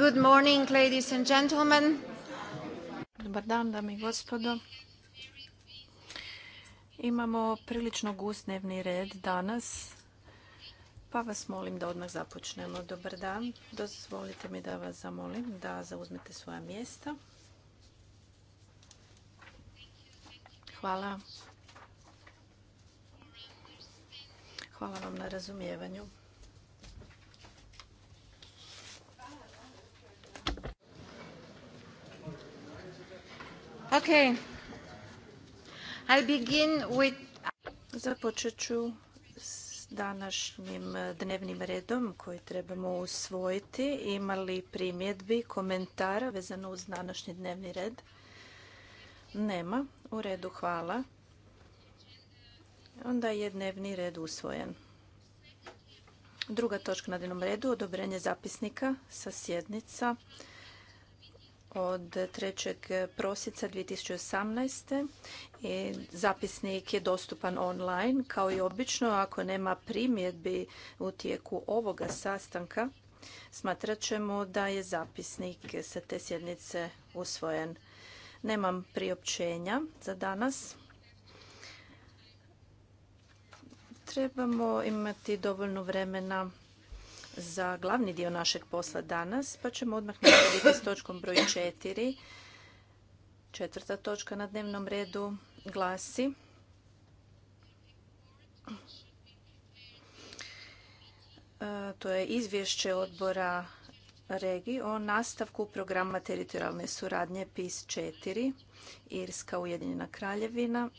Good morning, ladies and gentlemen. Dobar dan, dame i gospodo. Imamo prilično gust dnevni red danas, pa vas molim da odmah započnemo. Dobar dan, dozvolite mi da vas zamolim da zauzmete svoja mjesta. Hvala. Hvala vam na razumijevanju. Okay. I begin Započet ću s današnjim dnevnim redom koji trebamo usvojiti. Imali primjedbi, komentara vezano uz današnji dnevni red? Nema. U redu, hvala. Onda je dnevni red usvojen. Druga točka na dnevnom redu, odobrenje zapisnika sa sjednica od 3. prosinca 2018. I zapisnik je dostupan online kao i obično. Ako nema primjedbi u tijeku ovoga sastanka, smatrat ćemo da je zapisnik sa te sjednice usvojen. Nemam priopćenja za danas. Trebamo imati dovoljno vremena za glavni dio našeg posla danas, pa ćemo odmah nastaviti s točkom broj 4. Četvrta točka na dnevnom redu glasi e, to je izvješće odbora regiji o nastavku programa teritorijalne suradnje PIS 4 Irska Ujedinjena Kraljevina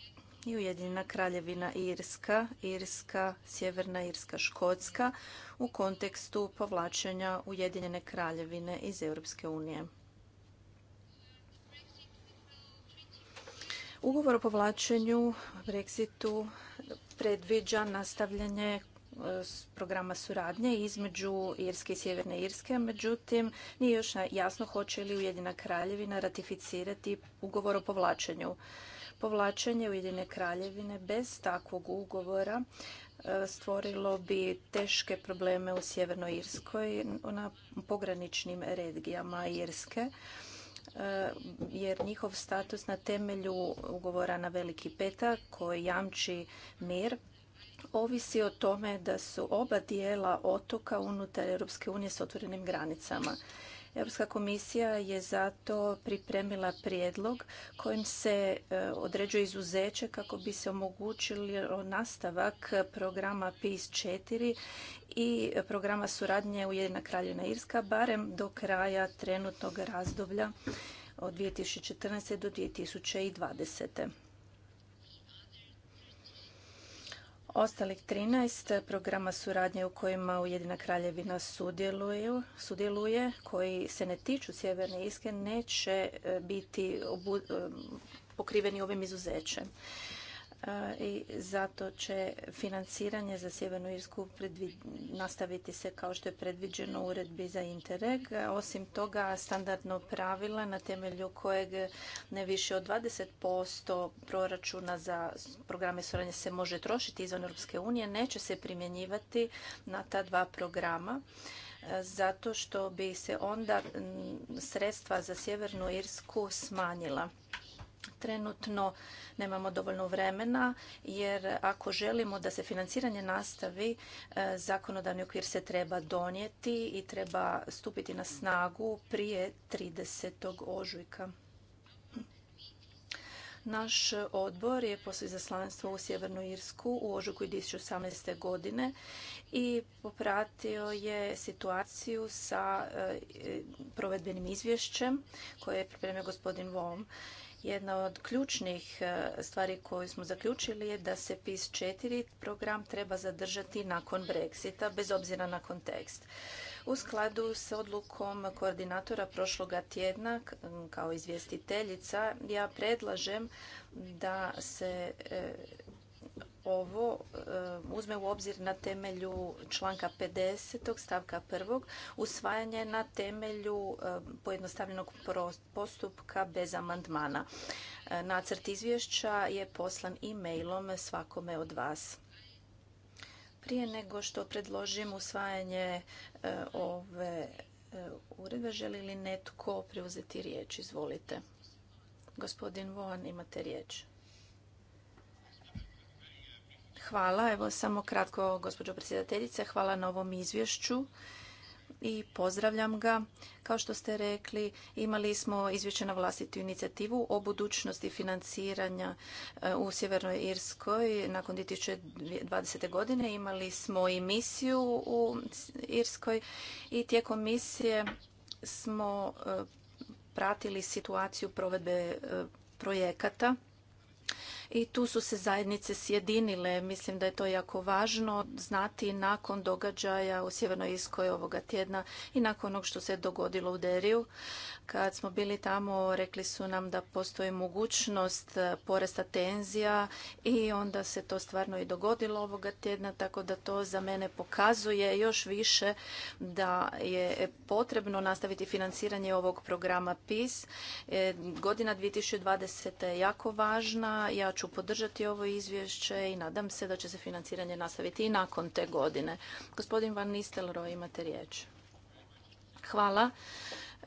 i Ujedinjena kraljevina Irska, Irska, Sjeverna Irska, Škotska u kontekstu povlačenja Ujedinjene kraljevine iz Europske unije. Ugovor o povlačenju Brexitu predviđa nastavljanje e, programa suradnje između Irske i Sjeverne Irske, međutim nije još jasno hoće li Ujedina kraljevina ratificirati ugovor o povlačenju. Povlačenje Ujedine kraljevine bez takvog ugovora e, stvorilo bi teške probleme u Sjevernoj Irskoj na pograničnim regijama Irske e, jer njihov status na temelju ugovora na Veliki petak koji jamči mir ovisi o tome da su oba dijela otoka unutar Europske unije s otvorenim granicama. Europska komisija je zato pripremila prijedlog kojim se e, određuje izuzeće kako bi se omogućili nastavak programa PIS-4 i programa suradnje Ujedina kraljevina Irska barem do kraja trenutnog razdoblja od 2014. do 2020. Ostalih 13 programa suradnje u kojima Ujedina kraljevina sudjeluje, koji se ne tiču Sjeverne Iske, neće e, biti e, pokriveni ovim izuzećem. E, i zato će financiranje za Sjevernu Irsku nastaviti se kao što je predviđeno u uredbi za Interreg. E, osim toga, standardno pravila na temelju kojeg ne više od 20% proračuna za programe suradnje se može trošiti izvan Europske unije neće se primjenjivati na ta dva programa e, zato što bi se onda sredstva za Sjevernu Irsku smanjila Trenutno nemamo dovoljno vremena jer ako želimo da se financiranje nastavi, e, zakonodavni okvir se treba donijeti i treba stupiti na snagu prije 30. ožujka. Naš odbor je poslije slavenstvo u Sjevernu Irsku u ožujku 2018. godine i popratio je situaciju sa e, provedbenim izvješćem koje je pripremio gospodin Vom jedna od ključnih e, stvari koju smo zaključili je da se PIS-4 program treba zadržati nakon Brexita, bez obzira na kontekst. U skladu s odlukom koordinatora prošloga tjedna, kao izvjestiteljica, ja predlažem da se e, ovo eh, uzme u obzir na temelju članka 50. stavka 1. usvajanje na temelju eh, pojednostavljenog postupka bez amandmana. Eh, nacrt izvješća je poslan e-mailom svakome od vas. Prije nego što predložim usvajanje ove uredbe, želi li netko preuzeti riječ? Izvolite. Gospodin Vohan, imate riječ. Hvala. Evo samo kratko, gospođo predsjedateljice, hvala na ovom izvješću i pozdravljam ga. Kao što ste rekli, imali smo izvješće na vlastitu inicijativu o budućnosti financiranja e, u Sjevernoj Irskoj nakon 2020. godine. Imali smo i misiju u Irskoj i tijekom misije smo e, pratili situaciju provedbe e, projekata i tu su se zajednice sjedinile. Mislim da je to jako važno znati nakon događaja u Sjevernoj Iskoj ovoga tjedna i nakon onog što se dogodilo u Deriju. Kad smo bili tamo rekli su nam da postoji mogućnost e, porasta tenzija i onda se to stvarno i dogodilo ovoga tjedna, tako da to za mene pokazuje još više da je potrebno nastaviti financiranje ovog programa PIS. E, godina 2020. je jako važna. Ja ću ću podržati ovo izvješće i nadam se da će se financiranje nastaviti i nakon te godine. Gospodin Van Nistelro, imate riječ. Hvala.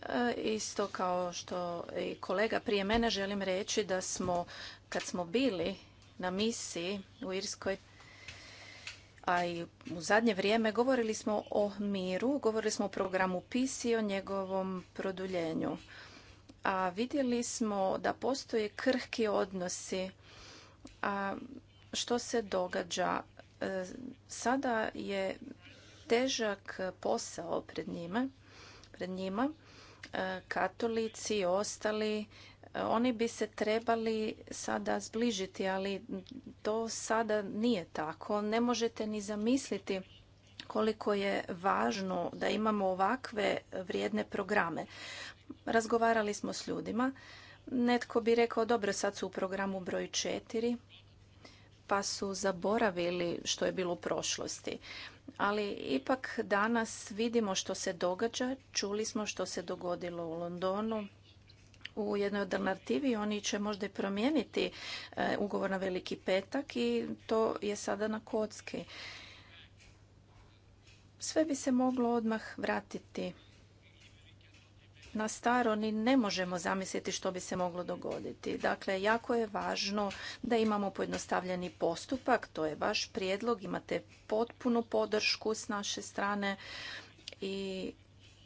E, isto kao što i kolega prije mene želim reći da smo, kad smo bili na misiji u Irskoj, a i u zadnje vrijeme govorili smo o miru, govorili smo o programu PIS i o njegovom produljenju. A vidjeli smo da postoje krhki odnosi a što se događa? E, sada je težak posao pred njima, pred njima e, katolici i ostali e, oni bi se trebali sada zbližiti, ali to sada nije tako. Ne možete ni zamisliti koliko je važno da imamo ovakve vrijedne programe. Razgovarali smo s ljudima Netko bi rekao, dobro, sad su u programu broj četiri, pa su zaboravili što je bilo u prošlosti. Ali ipak danas vidimo što se događa, čuli smo što se dogodilo u Londonu, u jednoj od alternativi oni će možda i promijeniti eh, ugovor na veliki petak i to je sada na kocki. Sve bi se moglo odmah vratiti na staro ni ne možemo zamisliti što bi se moglo dogoditi. Dakle, jako je važno da imamo pojednostavljeni postupak, to je vaš prijedlog, imate potpunu podršku s naše strane i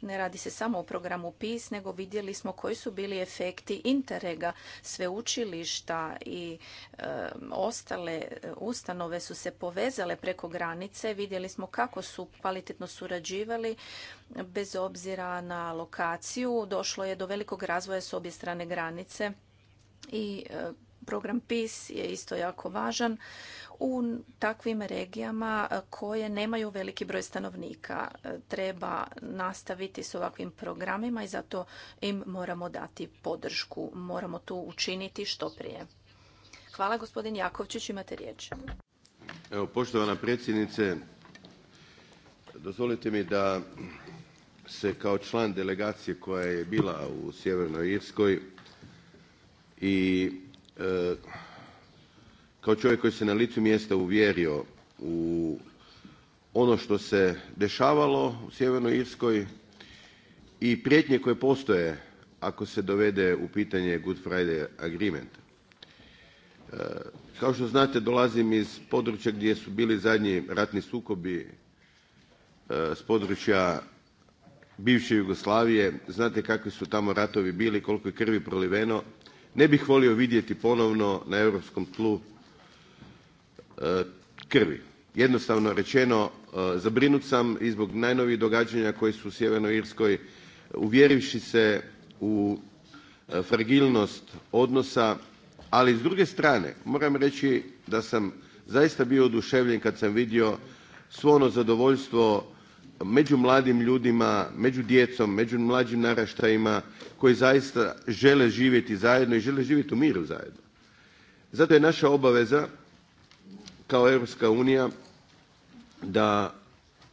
ne radi se samo o programu PIS, nego vidjeli smo koji su bili efekti interega. Sveučilišta i ostale e, ustanove su se povezale preko granice. Vidjeli smo kako su kvalitetno surađivali bez obzira na lokaciju. Došlo je do velikog razvoja s obje strane granice i e, Program PIS je isto jako važan u takvim regijama koje nemaju veliki broj stanovnika. Treba nastaviti s ovakvim programima i zato im moramo dati podršku. Moramo to učiniti što prije. Hvala gospodin Jakovčić, imate riječ. Evo, poštovana predsjednice, dozvolite mi da se kao član delegacije koja je bila u Sjevernoj Irskoj i E, kao čovjek koji se na licu mjesta uvjerio u ono što se dešavalo u Sjevernoj Irskoj i prijetnje koje postoje ako se dovede u pitanje Good Friday Agreement. E, kao što znate dolazim iz područja gdje su bili zadnji ratni sukobi e, s područja bivše Jugoslavije, znate kakvi su tamo ratovi bili, koliko je krvi proliveno ne bih volio vidjeti ponovno na europskom tlu e, krvi. Jednostavno rečeno e, zabrinut sam i zbog najnovijih događanja koji su u Sjevernoj Irskoj uvjerivši se u e, fragilnost odnosa, ali s druge strane moram reći da sam zaista bio oduševljen kad sam vidio svo ono zadovoljstvo među mladim ljudima, među djecom, među mlađim naraštajima koji zaista žele živjeti zajedno i žele živjeti u miru zajedno. Zato je naša obaveza kao Europska unija da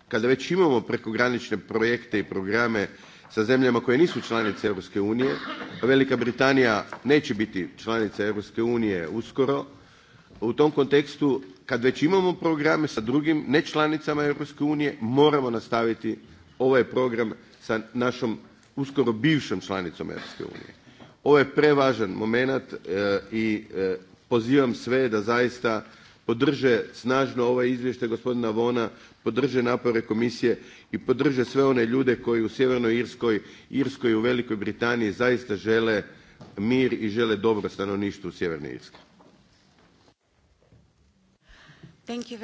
kada već imamo prekogranične projekte i programe sa zemljama koje nisu članice Europske unije, a Velika Britanija neće biti članica Europske unije uskoro, u tom kontekstu kad već imamo programe sa drugim nečlanicama Europske unije moramo nastaviti ovaj program sa našom uskoro bivšom članicom Europske unije. Ovo je prevažan momenat e, i e, pozivam sve da zaista podrže snažno ovaj izvještaj gospodina Vona, podrže napore komisije i podrže sve one ljude koji u Sjevernoj Irskoj, Irskoj i u Velikoj Britaniji zaista žele mir i žele dobro u Sjevernoj Irskoj. Thank you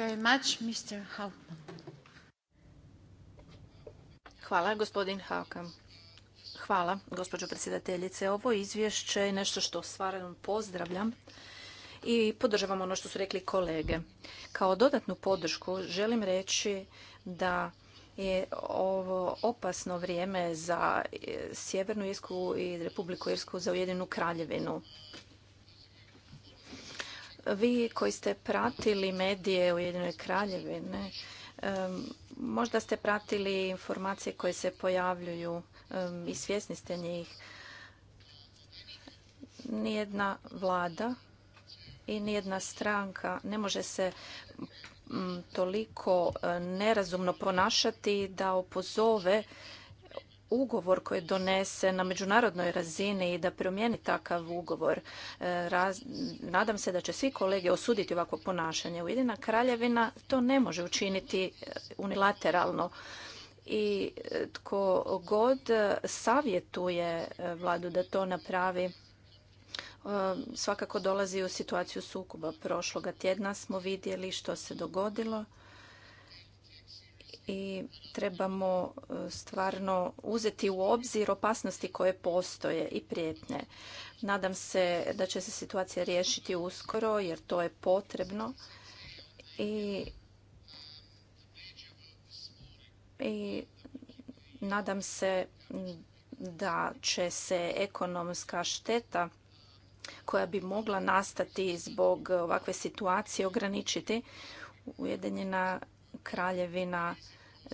Hvala, gospodin Haukam. Hvala, gospođo predsjedateljice. Ovo izvješće je nešto što stvarno pozdravljam i podržavam ono što su rekli kolege. Kao dodatnu podršku želim reći da je ovo opasno vrijeme za Sjevernu Irsku i Republiku Irsku za Ujedinu kraljevinu. Vi koji ste pratili medije Ujedinjene kraljevine, možda ste pratili informacije koje se pojavljuju i svjesni ste njih. Nijedna vlada i nijedna stranka ne može se toliko nerazumno ponašati da opozove ugovor koji je donesen na međunarodnoj razini i da promijeni takav ugovor. E, nadam se da će svi kolege osuditi ovako ponašanje. Ujedina kraljevina to ne može učiniti e, unilateralno i e, tko god savjetuje vladu da to napravi svakako dolazi u situaciju sukoba. Prošloga tjedna smo vidjeli što se dogodilo i trebamo e, stvarno uzeti u obzir opasnosti koje postoje i prijetnje. Nadam se da će se situacija riješiti uskoro jer to je potrebno i, i nadam se da će se ekonomska šteta koja bi mogla nastati zbog ovakve situacije ograničiti. Ujedinjena kraljevina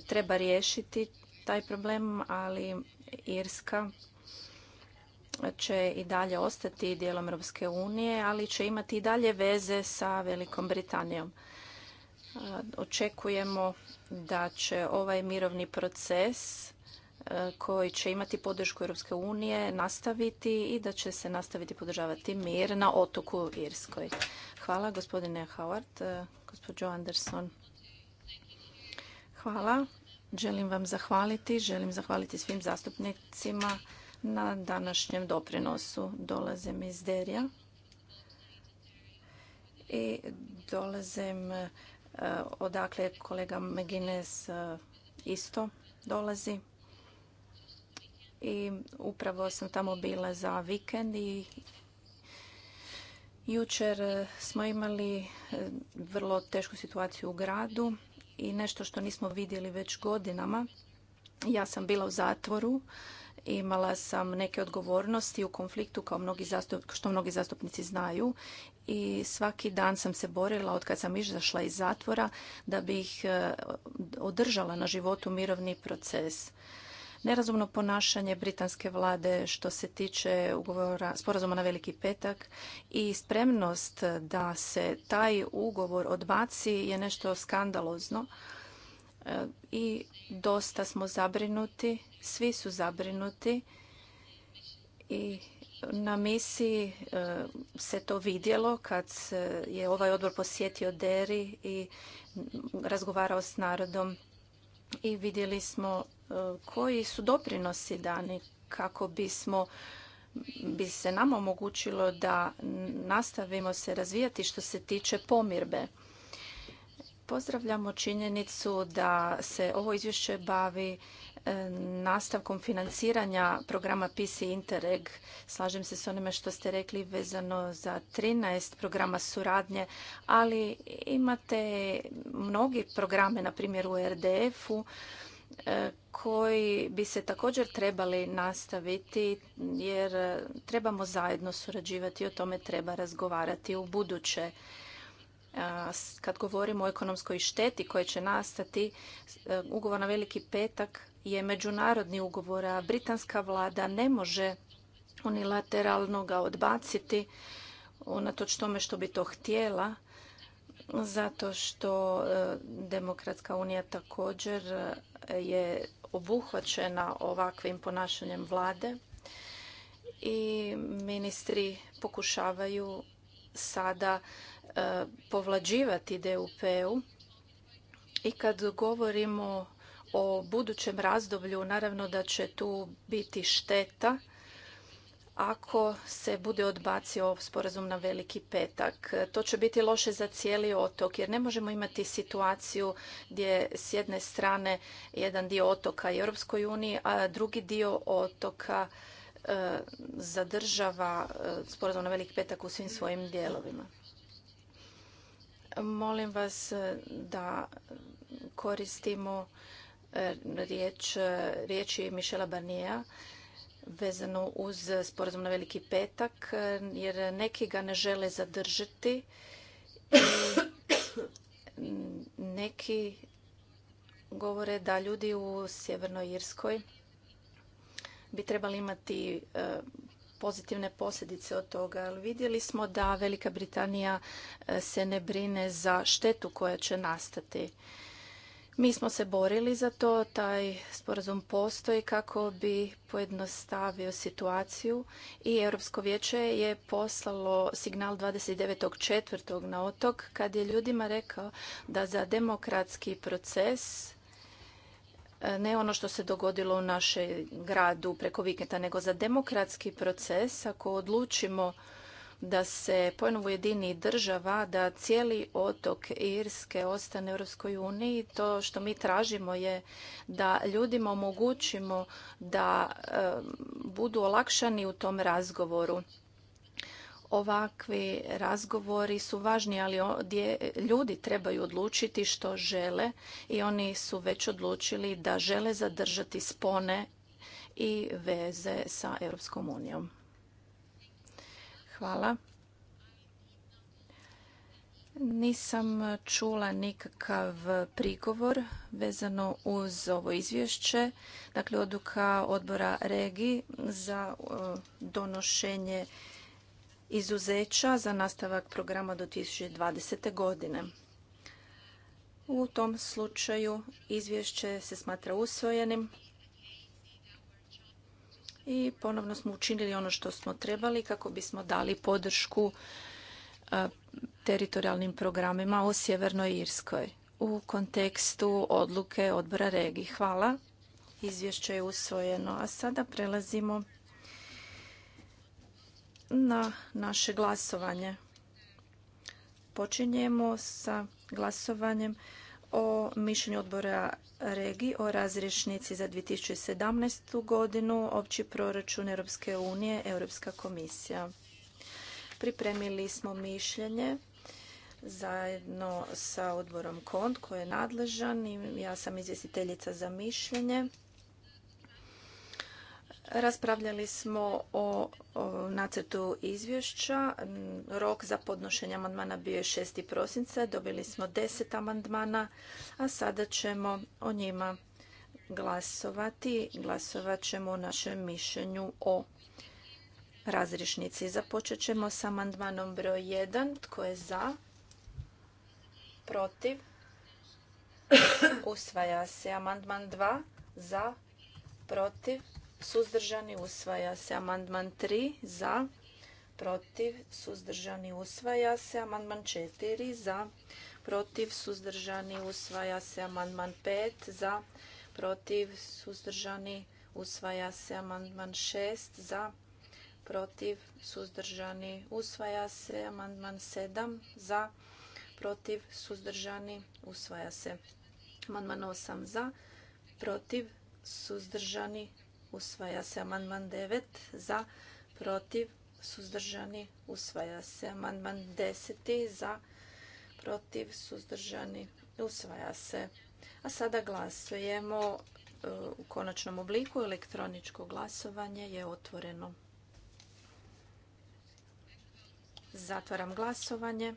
treba riješiti taj problem, ali Irska će i dalje ostati dijelom Europske unije, ali će imati i dalje veze sa Velikom Britanijom. Očekujemo da će ovaj mirovni proces e, koji će imati podršku Europske unije nastaviti i da će se nastaviti podržavati mir na otoku Irskoj. Hvala gospodine Howard, e, gospođo Anderson. Hvala. Želim vam zahvaliti. Želim zahvaliti svim zastupnicima na današnjem doprinosu. Dolazim iz Derija i dolazim e, odakle kolega Megines e, isto dolazi. I upravo sam tamo bila za vikend i jučer e, smo imali vrlo tešku situaciju u gradu i nešto što nismo vidjeli već godinama. Ja sam bila u zatvoru, imala sam neke odgovornosti u konfliktu kao mnogi zastup, što mnogi zastupnici znaju i svaki dan sam se borila od kad sam izašla iz zatvora da bih eh, održala na životu mirovni proces. Nerazumno ponašanje britanske vlade što se tiče ugovora, sporazuma na Veliki petak i spremnost da se taj ugovor odbaci je nešto skandalozno e, i dosta smo zabrinuti, svi su zabrinuti i na misiji e, se to vidjelo kad je ovaj odbor posjetio Deri i razgovarao s narodom i vidjeli smo koji su doprinosi dani kako bismo bi se nama omogućilo da nastavimo se razvijati što se tiče pomirbe. Pozdravljamo činjenicu da se ovo izvješće bavi e, nastavkom financiranja programa PC Interreg. Slažem se s onime što ste rekli vezano za 13 programa suradnje, ali imate mnogi programe, na primjer u RDF-u, E, koji bi se također trebali nastaviti jer trebamo zajedno surađivati i o tome treba razgovarati u buduće. E, kad govorimo o ekonomskoj šteti koja će nastati, e, ugovor na Veliki petak je međunarodni ugovor, a britanska vlada ne može unilateralno ga odbaciti unatoč tome što bi to htjela zato što Demokratska unija također je obuhvaćena ovakvim ponašanjem vlade i ministri pokušavaju sada e, povlađivati DUP-u i kad govorimo o budućem razdoblju naravno da će tu biti šteta ako se bude odbacio sporazum na veliki petak. To će biti loše za cijeli otok jer ne možemo imati situaciju gdje s jedne strane jedan dio otoka je Europskoj uniji, a drugi dio otoka e, zadržava e, sporazum na veliki petak u svim svojim dijelovima. Molim vas e, da koristimo riječi Mišela Barnijeva vezano uz sporazum na Veliki petak, jer neki ga ne žele zadržati neki govore da ljudi u Sjevernoj Irskoj bi trebali imati e, pozitivne posljedice od toga. Ali vidjeli smo da Velika Britanija e, se ne brine za štetu koja će nastati. Mi smo se borili za to, taj sporazum postoji kako bi pojednostavio situaciju i Europsko vijeće je poslalo signal 29.4. na otok kad je ljudima rekao da za demokratski proces e, ne ono što se dogodilo u našem gradu preko vikenda, nego za demokratski proces ako odlučimo da se ponovo jedini država, da cijeli otok Irske ostane u Europskoj uniji. To što mi tražimo je da ljudima omogućimo da budu olakšani u tom razgovoru. Ovakvi razgovori su važni, ali ljudi trebaju odlučiti što žele i oni su već odlučili da žele zadržati spone i veze sa Europskom unijom. Hvala. Nisam čula nikakav prigovor vezano uz ovo izvješće. Dakle, odluka odbora REGI za e, donošenje izuzeća za nastavak programa do 2020. godine. U tom slučaju izvješće se smatra usvojenim i ponovno smo učinili ono što smo trebali kako bismo dali podršku e, teritorijalnim programima u Sjevernoj Irskoj u kontekstu odluke odbora regiji. Hvala. Izvješće je usvojeno. A sada prelazimo na naše glasovanje. Počinjemo sa glasovanjem o mišljenju odbora Regi o razrješnici za 2017. godinu, opći proračun Europske unije, Europska komisija. Pripremili smo mišljenje zajedno sa odborom KONT koji je nadležan i ja sam izvjestiteljica za mišljenje. Raspravljali smo o, nacrtu izvješća. Rok za podnošenje amandmana bio je 6. prosinca. Dobili smo 10 amandmana, a sada ćemo o njima glasovati. Glasovat ćemo o našem mišljenju o razrišnici. Započet ćemo s amandmanom broj 1. Tko je za? Protiv? Usvaja se amandman 2. Za? Protiv? suzdržani, usvaja se. Amandman 3 za, protiv, suzdržani, usvaja se. Amandman 4 za, protiv, suzdržani, usvaja se. Amandman 5 za, protiv, suzdržani, usvaja se. Amandman 6 za, protiv, suzdržani, usvaja se. Amandman 7 za, protiv, suzdržani, usvaja se. Amandman 8 za, protiv, suzdržani, usvaja se amandman 9 za, protiv, suzdržani, usvaja se amandman 10 za, protiv, suzdržani, usvaja se. A sada glasujemo e, u konačnom obliku. Elektroničko glasovanje je otvoreno. Zatvaram glasovanje.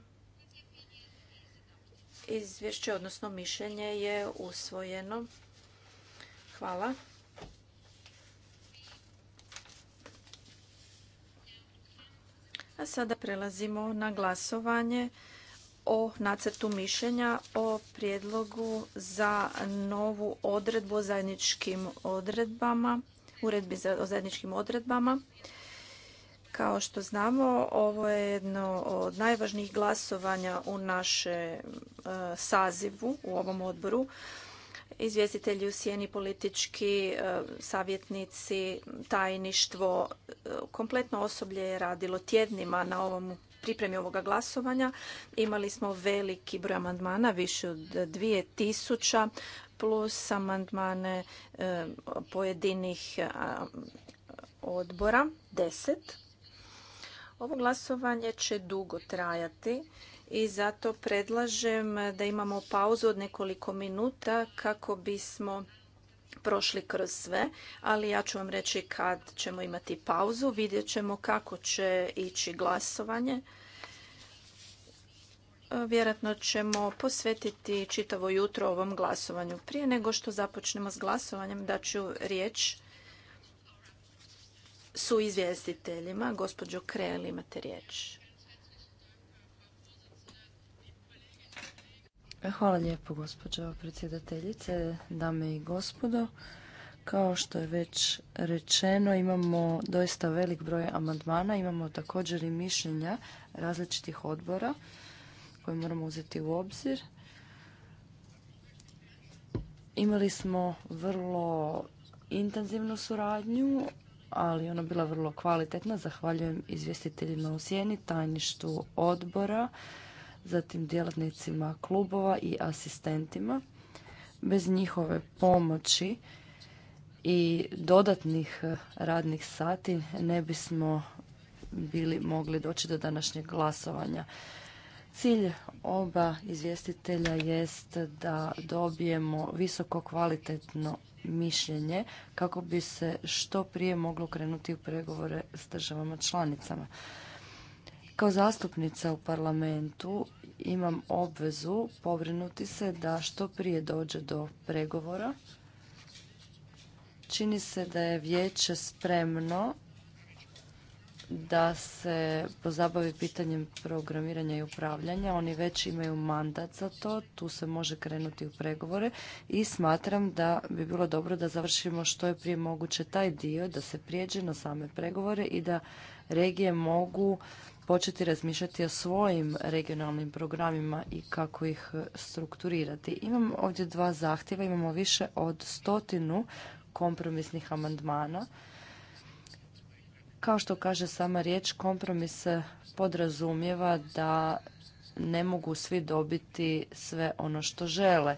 Izvješće, odnosno mišljenje je usvojeno. Hvala. sada prelazimo na glasovanje o nacrtu mišljenja o prijedlogu za novu odredbu o zajedničkim odredbama, uredbi za, o zajedničkim odredbama. Kao što znamo, ovo je jedno od najvažnijih glasovanja u našem e, sazivu u ovom odboru izvjestitelji u sjeni, politički e, savjetnici, tajništvo, e, kompletno osoblje je radilo tjednima na ovom pripremi ovoga glasovanja. Imali smo veliki broj amandmana, više od 2000 plus amandmane e, pojedinih odbora, deset. Ovo glasovanje će dugo trajati i zato predlažem da imamo pauzu od nekoliko minuta kako bismo prošli kroz sve, ali ja ću vam reći kad ćemo imati pauzu. Vidjet ćemo kako će ići glasovanje. Vjerojatno ćemo posvetiti čitavo jutro ovom glasovanju. Prije nego što započnemo s glasovanjem, daću riječ su izvjestiteljima. Gospođo Krel, imate riječ. Hvala lijepo gospođo predsjedateljice, dame i gospodo. Kao što je već rečeno, imamo doista velik broj amandmana, imamo također i mišljenja različitih odbora koje moramo uzeti u obzir. Imali smo vrlo intenzivnu suradnju, ali ona bila vrlo kvalitetna. Zahvaljujem izvjestiteljima u sjeni, tajništu odbora zatim djelatnicima klubova i asistentima. Bez njihove pomoći i dodatnih eh, radnih sati ne bismo bili mogli doći do današnjeg glasovanja. Cilj oba izvjestitelja jest da dobijemo visoko kvalitetno mišljenje kako bi se što prije moglo krenuti u pregovore s državama članicama. Kao zastupnica u parlamentu imam obvezu pobrinuti se da što prije dođe do pregovora. Čini se da je vijeće spremno da se pozabavi pitanjem programiranja i upravljanja. Oni već imaju mandat za to, tu se može krenuti u pregovore i smatram da bi bilo dobro da završimo što je prije moguće taj dio, da se prijeđe na same pregovore i da regije mogu početi razmišljati o svojim regionalnim programima i kako ih strukturirati. Imam ovdje dva zahtjeva, imamo više od stotinu kompromisnih amandmana. Kao što kaže sama riječ, kompromis podrazumijeva da ne mogu svi dobiti sve ono što žele.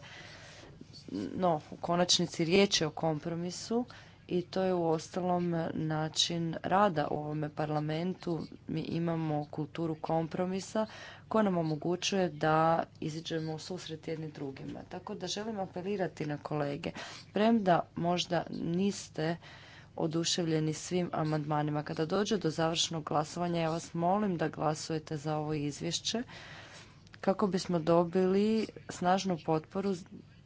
No, u konačnici riječ je o kompromisu i to je u ostalom način rada u ovome parlamentu. Mi imamo kulturu kompromisa koja nam omogućuje da iziđemo u susret jedni drugima. Tako da želim apelirati na kolege. Premda možda niste oduševljeni svim amandmanima. Kada dođe do završnog glasovanja, ja vas molim da glasujete za ovo izvješće kako bismo dobili snažnu potporu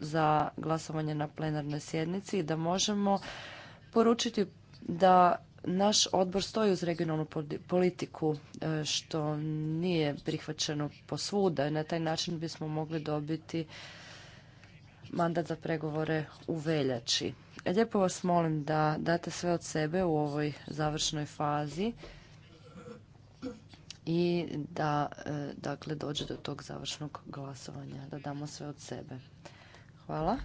za glasovanje na plenarnoj sjednici i da možemo poručiti da naš odbor stoji uz regionalnu politiku e, što nije prihvaćeno posvuda. Na taj način bismo mogli dobiti mandat za pregovore u veljači. Lijepo vas molim da date sve od sebe u ovoj završnoj fazi i da e, dakle dođe do tog završnog glasovanja, da damo sve od sebe. Hvala,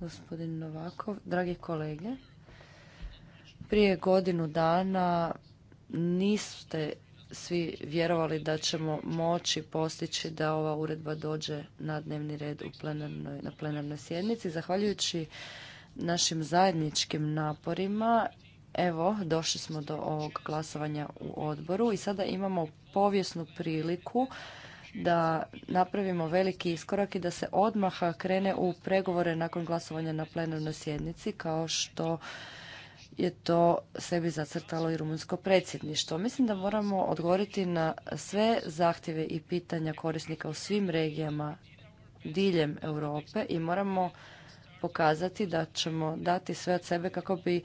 gospodin Novakov. Dragi kolege, prije godinu dana niste svi vjerovali da ćemo moći postići da ova uredba dođe na dnevni red u plenarnoj, na plenarnoj sjednici. Zahvaljujući našim zajedničkim naporima, evo, došli smo do ovog glasovanja u odboru i sada imamo povijesnu priliku da napravimo veliki iskorak i da se odmah krene u pregovore nakon glasovanja na plenarnoj sjednici, kao što je to sebi zacrtalo i rumunsko predsjedništvo. Mislim da moramo odgovoriti na sve zahtjeve i pitanja korisnika u svim regijama diljem Europe i moramo pokazati da ćemo dati sve od sebe kako bi e,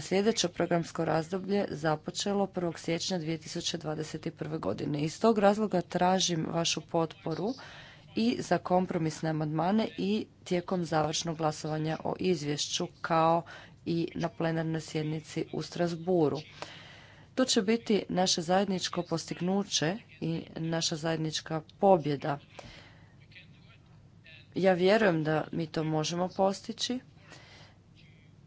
sljedeće programsko razdoblje započelo 1. siječnja 2021. godine. Iz tog razloga tražim vašu potporu i za kompromisne amandmane i tijekom završnog glasovanja o izvješću kao i na plenarnoj sjednici u Strasburu. To će biti naše zajedničko postignuće i naša zajednička pobjeda. Ja vjerujem da mi to možemo postići.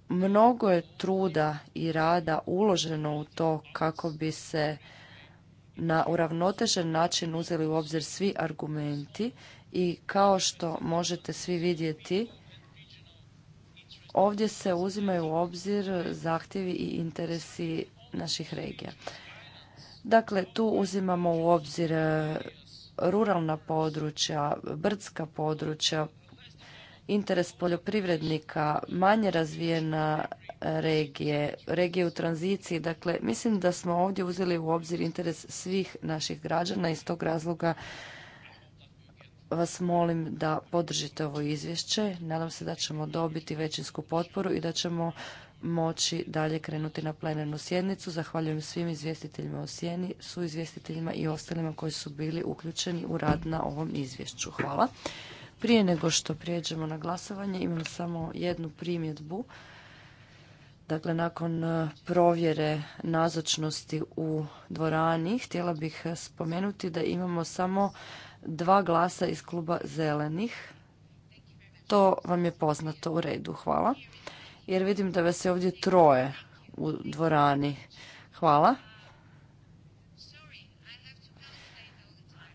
Mnogo je truda i rada uloženo u to kako bi se na uravnotežen način uzeli u obzir svi argumenti i kao što možete svi vidjeti Ovdje se uzimaju u obzir zahtjevi i interesi naših regija. Dakle, tu uzimamo u obzir e, ruralna područja, brdska područja, interes poljoprivrednika, manje razvijena e, regije, regije u tranziciji. Dakle, mislim da smo ovdje uzeli u obzir interes svih naših građana i iz tog razloga vas molim da podržite ovo izvješće. Nadam se da ćemo dobiti većinsku potporu i da ćemo moći dalje krenuti na plenarnu sjednicu. Zahvaljujem svim izvjestiteljima o sjeni, su izvjestiteljima i ostalima koji su bili uključeni u rad na ovom izvješću. Hvala. Prije nego što prijeđemo na glasovanje imam samo jednu primjedbu. Dakle, nakon e, provjere nazočnosti u dvorani htjela bih e, spomenuti da imamo samo dva glasa iz kluba zelenih. To vam je poznato u redu, hvala. Jer vidim da vas je ovdje troje u dvorani. Hvala.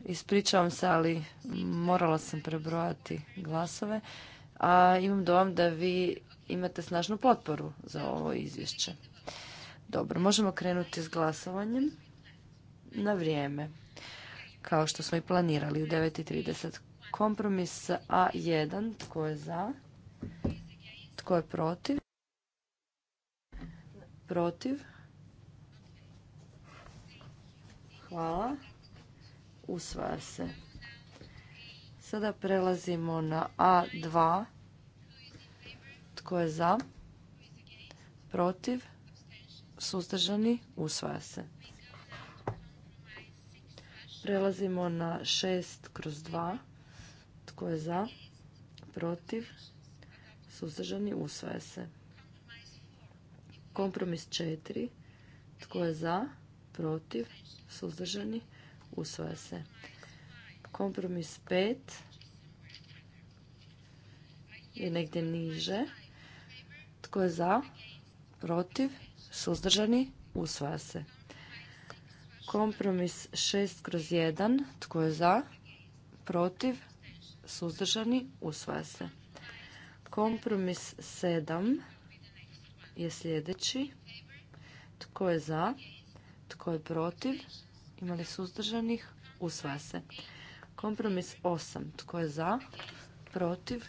Ispričavam se, ali morala sam prebrojati glasove. A imam dojam da vi imate snažnu potporu za ovo izvješće. Dobro, možemo krenuti s glasovanjem na vrijeme kao što smo i planirali u 9.30. Kompromis A1, tko je za, tko je protiv, protiv, hvala, usvaja se. Sada prelazimo na A2, tko je za, protiv, suzdržani, usvaja se. Prelazimo na 6 kroz 2. Tko je za? Protiv? Suzdržani? Usvaja se. Kompromis 4. Tko je za? Protiv? Suzdržani? Usvaja se. Kompromis 5 je negdje niže. Tko je za? Protiv? Suzdržani? Usvaja se. Kompromis 6 kroz 1. Tko je za? Protiv? Suzdržani? Usvaja se. Kompromis 7 je sljedeći. Tko je za? Tko je protiv? Ima li suzdržanih? Usvaja se. Kompromis 8. Tko je za? Protiv?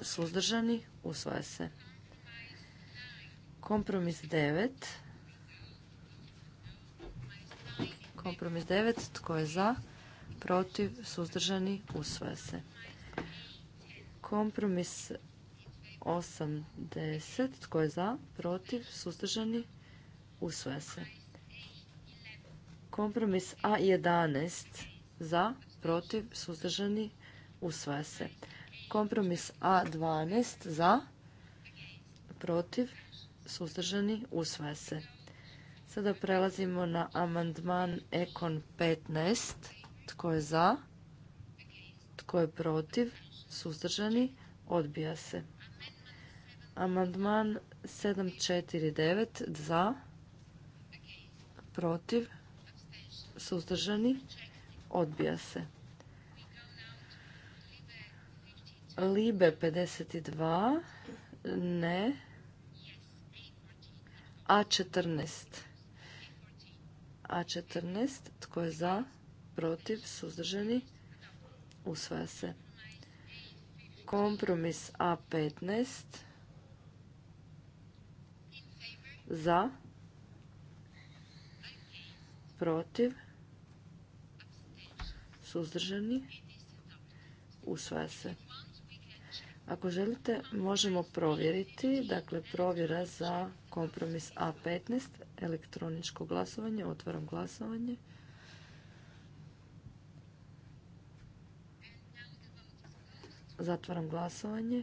Suzdržani? Usvaja se. Kompromis 9. Kompromis 9. Tko je za? Protiv? Suzdržani? Usvaja se. Kompromis 80. Tko je za? Protiv? Suzdržani? Usvaja se. Kompromis A11. Za? Protiv? Suzdržani? Usvaja se. Kompromis A12. Za? Protiv? Suzdržani? Usvaja se. Sada prelazimo na amandman Ekon 15. Tko je za? Tko je protiv? Suzdržani? Odbija se. Amandman 749 za, protiv, suzdržani, odbija se. Libe 52, ne. A14 a14. Tko je za? Protiv? Suzdržani? Usvaja se. Kompromis A15. Za? Protiv? Suzdržani? Usvaja se. Ako želite, možemo provjeriti. Dakle, provjera za kompromis A15 elektroničko glasovanje. Otvaram glasovanje. Zatvaram glasovanje.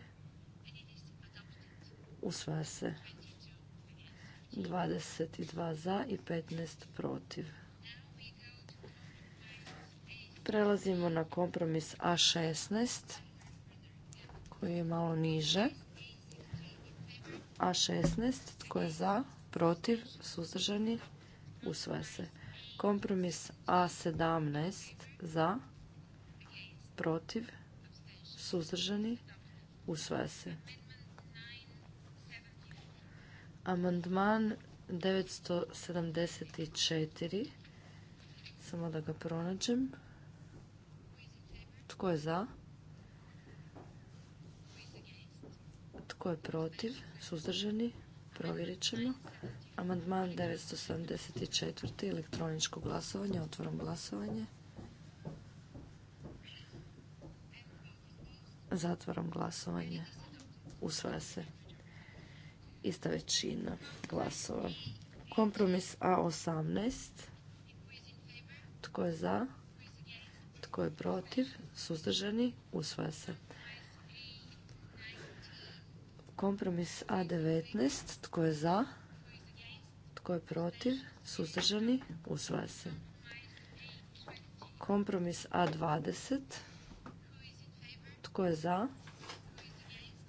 Usvaja se 22 za i 15 protiv. Prelazimo na kompromis A16 koji je malo niže. A16, tko je za? protiv, suzdržani, usvaja se. Kompromis A17 za, protiv, suzdržani, usvaja se. Amandman 974, samo da ga pronađem. Tko je za? Tko je protiv? Suzdržani? Provjerit ćemo. Amandman 974. Elektroničko glasovanje. Otvorom glasovanje. Zatvorom glasovanje. Usvaja se. Ista većina glasova. Kompromis A18. Tko je za? Tko je protiv? Suzdržani? Usvaja se. Kompromis A19. Tko je za? Tko je protiv? Suzdržani? Usvaja se. Kompromis A20. Tko je za?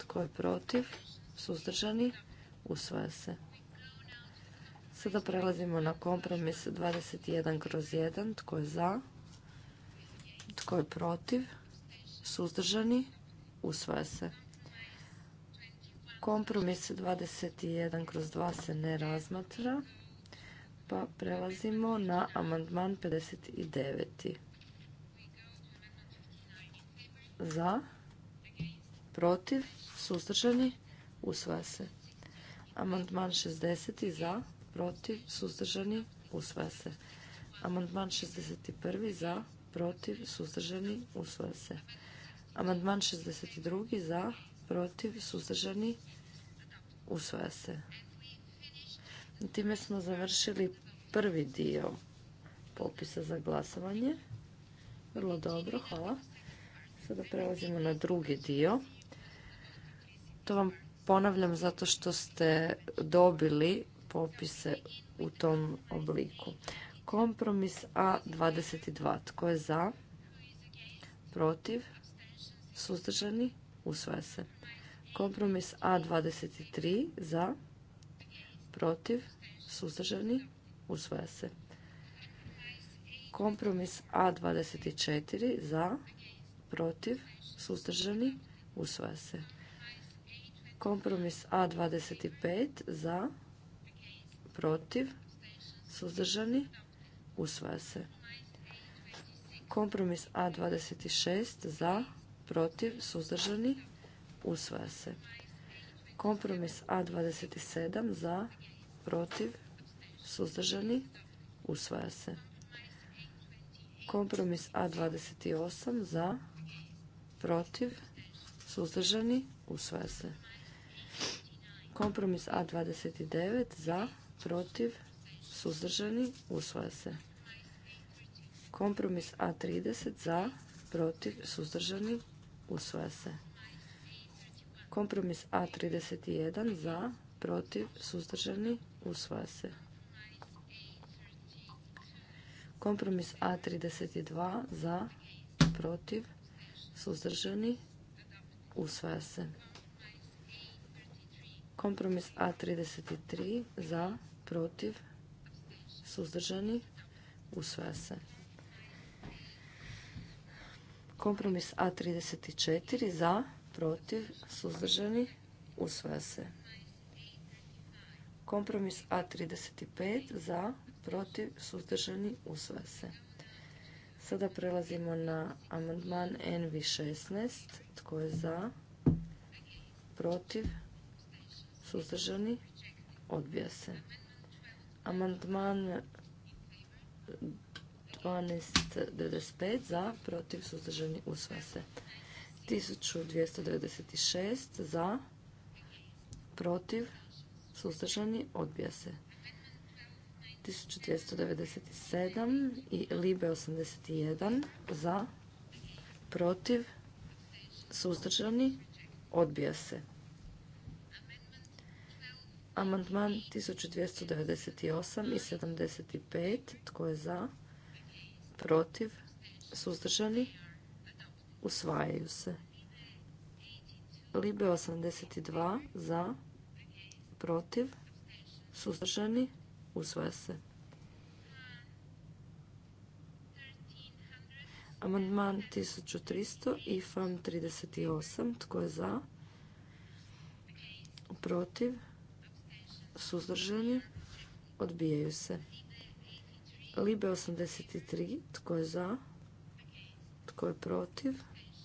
Tko je protiv? Suzdržani? Usvaja se. Sada prelazimo na kompromis 21 kroz 1. Tko je za? Tko je protiv? Suzdržani? Usvaja se. Kompromis 21 kroz 2 se ne razmatra, pa prelazimo na amandman 59. Za, protiv, suzdržani, usvaja se. Amandman 60. za, protiv, suzdržani, usvaja se. Amandman 61. za, protiv, suzdržani, usvaja se. Amandman 62. za, protiv, suzdržani, Usvaja se. Time smo završili prvi dio popisa za glasovanje. Vrlo dobro, hvala. Sada prelazimo na drugi dio. To vam ponavljam zato što ste dobili popise u tom obliku. Kompromis A22. Tko je za? Protiv? Suzdržani? Usvaja se. Kompromis A23 za, protiv, suzdržani, usvaja se. Kompromis A24 za, protiv, suzdržani, usvaja se. Kompromis A25 za, protiv, suzdržani, usvaja se. Kompromis A26 za, protiv, suzdržani, usvaja se. Kompromis A27 za, protiv, suzdržani, usvaja se. Kompromis A28 za, protiv, suzdržani, usvaja se. Kompromis A29 za, protiv, suzdržani, usvaja se. Kompromis A30 za, protiv, suzdržani, usvaja se. Kompromis A31 za, protiv, suzdržani, usvaja se. Kompromis A32 za, protiv, suzdržani, usvaja se. Kompromis A33 za, protiv, suzdržani, usvaja se. Kompromis A34 za, protiv, suzdržani, usvaja se. Kompromis A35 za, protiv, suzdržani, usvaja se. Sada prelazimo na amandman NV16. Tko je za? Protiv? Suzdržani? Odbija se. Amandman 12.95 za, protiv, suzdržani, usvaja se. 1296 za, protiv, suzdržani, odbija se. 1297 i Libe 81 za, protiv, suzdržani, odbija se. Amandman 1298 i 75, tko je za, protiv, suzdržani, usvajaju se. Libe 82 za, protiv, suzdržani, usvaja se. Amandman 1300 i FAM 38, tko je za, protiv, suzdržani, odbijaju se. Libe 83, tko je za, tko je protiv?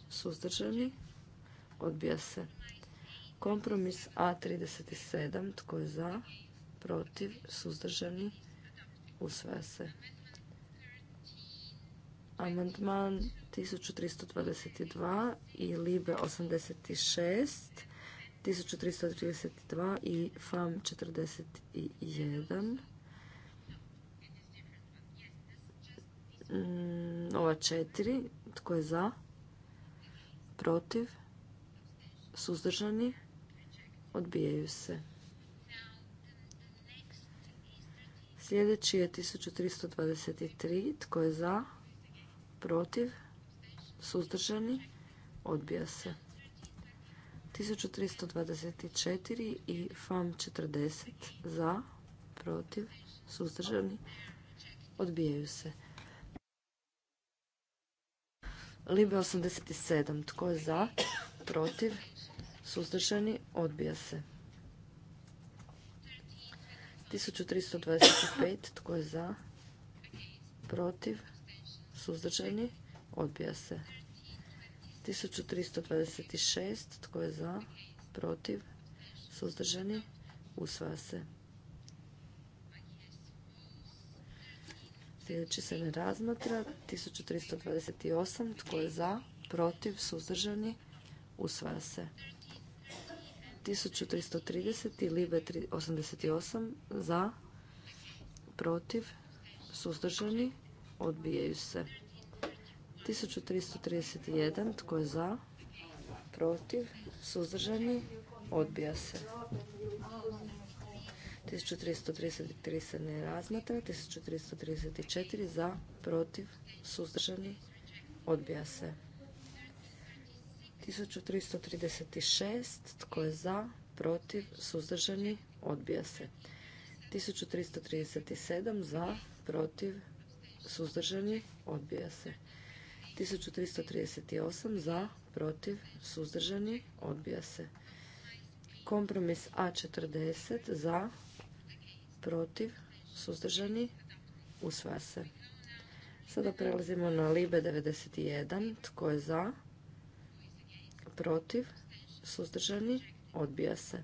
Suzdržani? Odbija se. Kompromis A37. Tko je za? Protiv? Suzdržani? Usvaja se. Amandman 1322 i Libe 86, 1332 i FAM 41. Mm, ova četiri tko je za? Protiv? Suzdržani? Odbijaju se. Sljedeći je 1323. Tko je za? Protiv? Suzdržani? Odbija se. 1324 i FAM 40 za, protiv, suzdržani, odbijaju se. Libe 87. Tko je za? Protiv? Suzdržani? Odbija se. 1325. Tko je za? Protiv? Suzdržani? Odbija se. 1326. Tko je za? Protiv? Suzdržani? Usvaja se. Sljedeći se ne razmatra. 1328. Tko je za? Protiv? Suzdržani? Usvaja se. 1330. Libe 88. Za? Protiv? Suzdržani? Odbijaju se. 1331. Tko je za? Protiv? Suzdržani? Odbija se. 1333 se ne razmatra, 1334 za, protiv, suzdržani, odbija se. 1336 tko je za, protiv, suzdržani, odbija se. 1337 za, protiv, suzdržani, odbija se. 1338 za, protiv, suzdržani, odbija se. Kompromis A40 za, protiv, suzdržani, usvaja se. Sada prelazimo na Libe 91. Tko je za? Protiv? Suzdržani? Odbija se.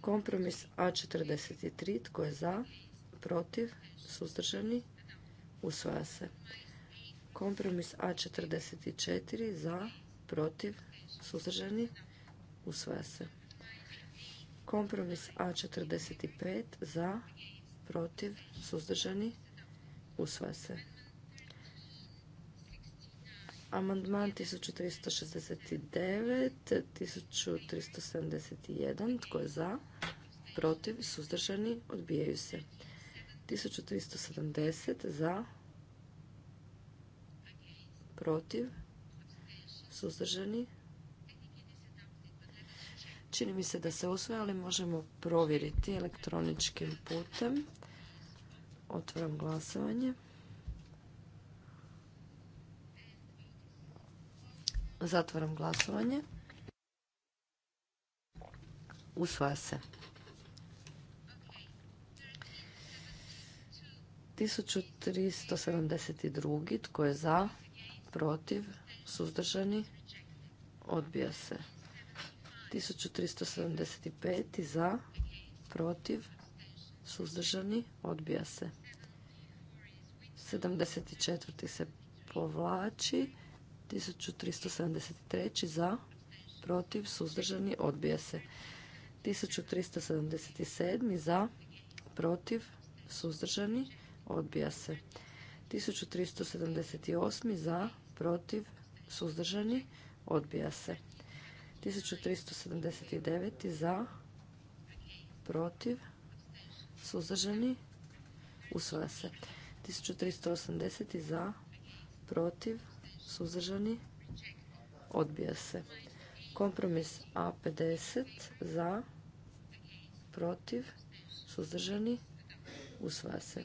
Kompromis A43. Tko je za? Protiv? Suzdržani? Usvaja se. Kompromis A44. Za? Protiv? Suzdržani? Usvaja se. Kompromis A45 za, protiv, suzdržani, usvaja se. Amandman 1369, 1371, tko je za, protiv, suzdržani, odbijaju se. 1370 za, protiv, suzdržani, Čini mi se da se usvoja, ali možemo provjeriti elektroničkim putem. Otvaram glasovanje. Zatvaram glasovanje. Usvaja se. 1372. Tko je za? Protiv? Suzdržani? Odbija se. 1375 za, protiv, suzdržani, odbija se. 74. se povlači, 1373 za, protiv, suzdržani, odbija se. 1377 za, protiv, suzdržani, odbija se. 1378 za, protiv, suzdržani, odbija se. 1379. za, protiv, suzdržani, usvoja se. 1380. za, protiv, suzdržani, odbija se. Kompromis A50 za, protiv, suzdržani, usvoja se.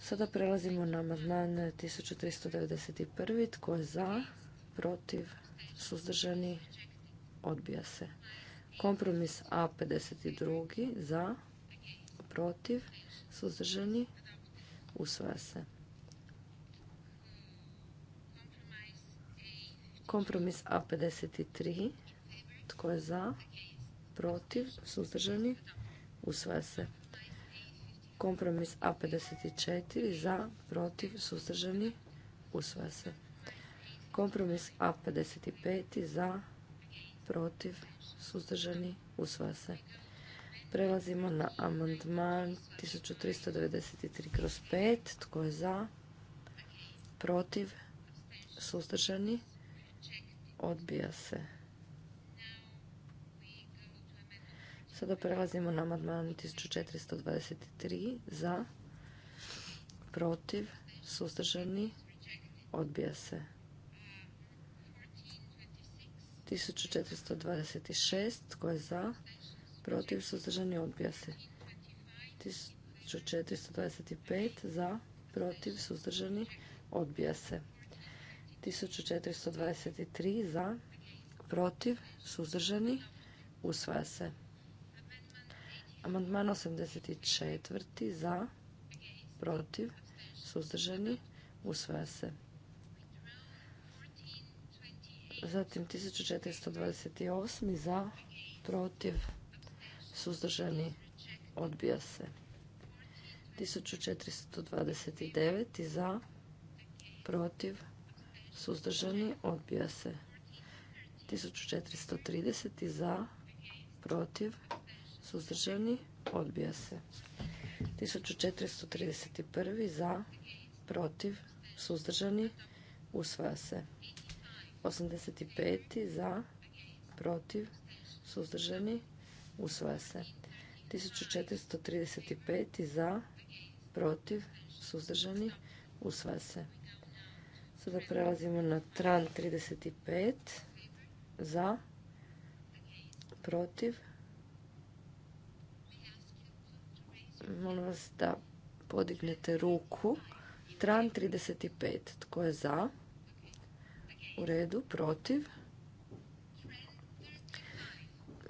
Sada prelazimo na amandman 1391. Tko je za, protiv, suzdržani, odbija se. Kompromis A52 za, protiv, suzdržani, usvaja se. Kompromis A53, tko je za, protiv, suzdržani, usvaja se. Kompromis A54 za, protiv, suzdržani, usvaja se. Kompromis A55 za, protiv, suzdržani, usvaja se. Prelazimo na amandman 1393 kroz 5. Tko je za? Protiv? Suzdržani? Odbija se. Sada prelazimo na amandman 1423 za, protiv, suzdržani, odbija se. 1426. Tko je za? Protiv? Suzdržani? Odbija se. 1425. Za? Protiv? Suzdržani? Odbija se. 1423. Za? Protiv? Suzdržani? Usvaja se. Amandman 84. Za? Protiv? Suzdržani? Usvaja se. Zatim 1428. za, protiv, suzdržani, odbija se. 1429. za, protiv, suzdržani, odbija se. 1430. za, protiv, suzdržani, odbija se. 1431. za, protiv, suzdržani, usvaja se. 85. za, protiv, suzdržani, usvaja se. 1435. za, protiv, suzdržani, usvaja se. Sada prelazimo na tran 35. Za, protiv. Molim vas da podignete ruku. Tran 35. Tko je za? U redu, protiv.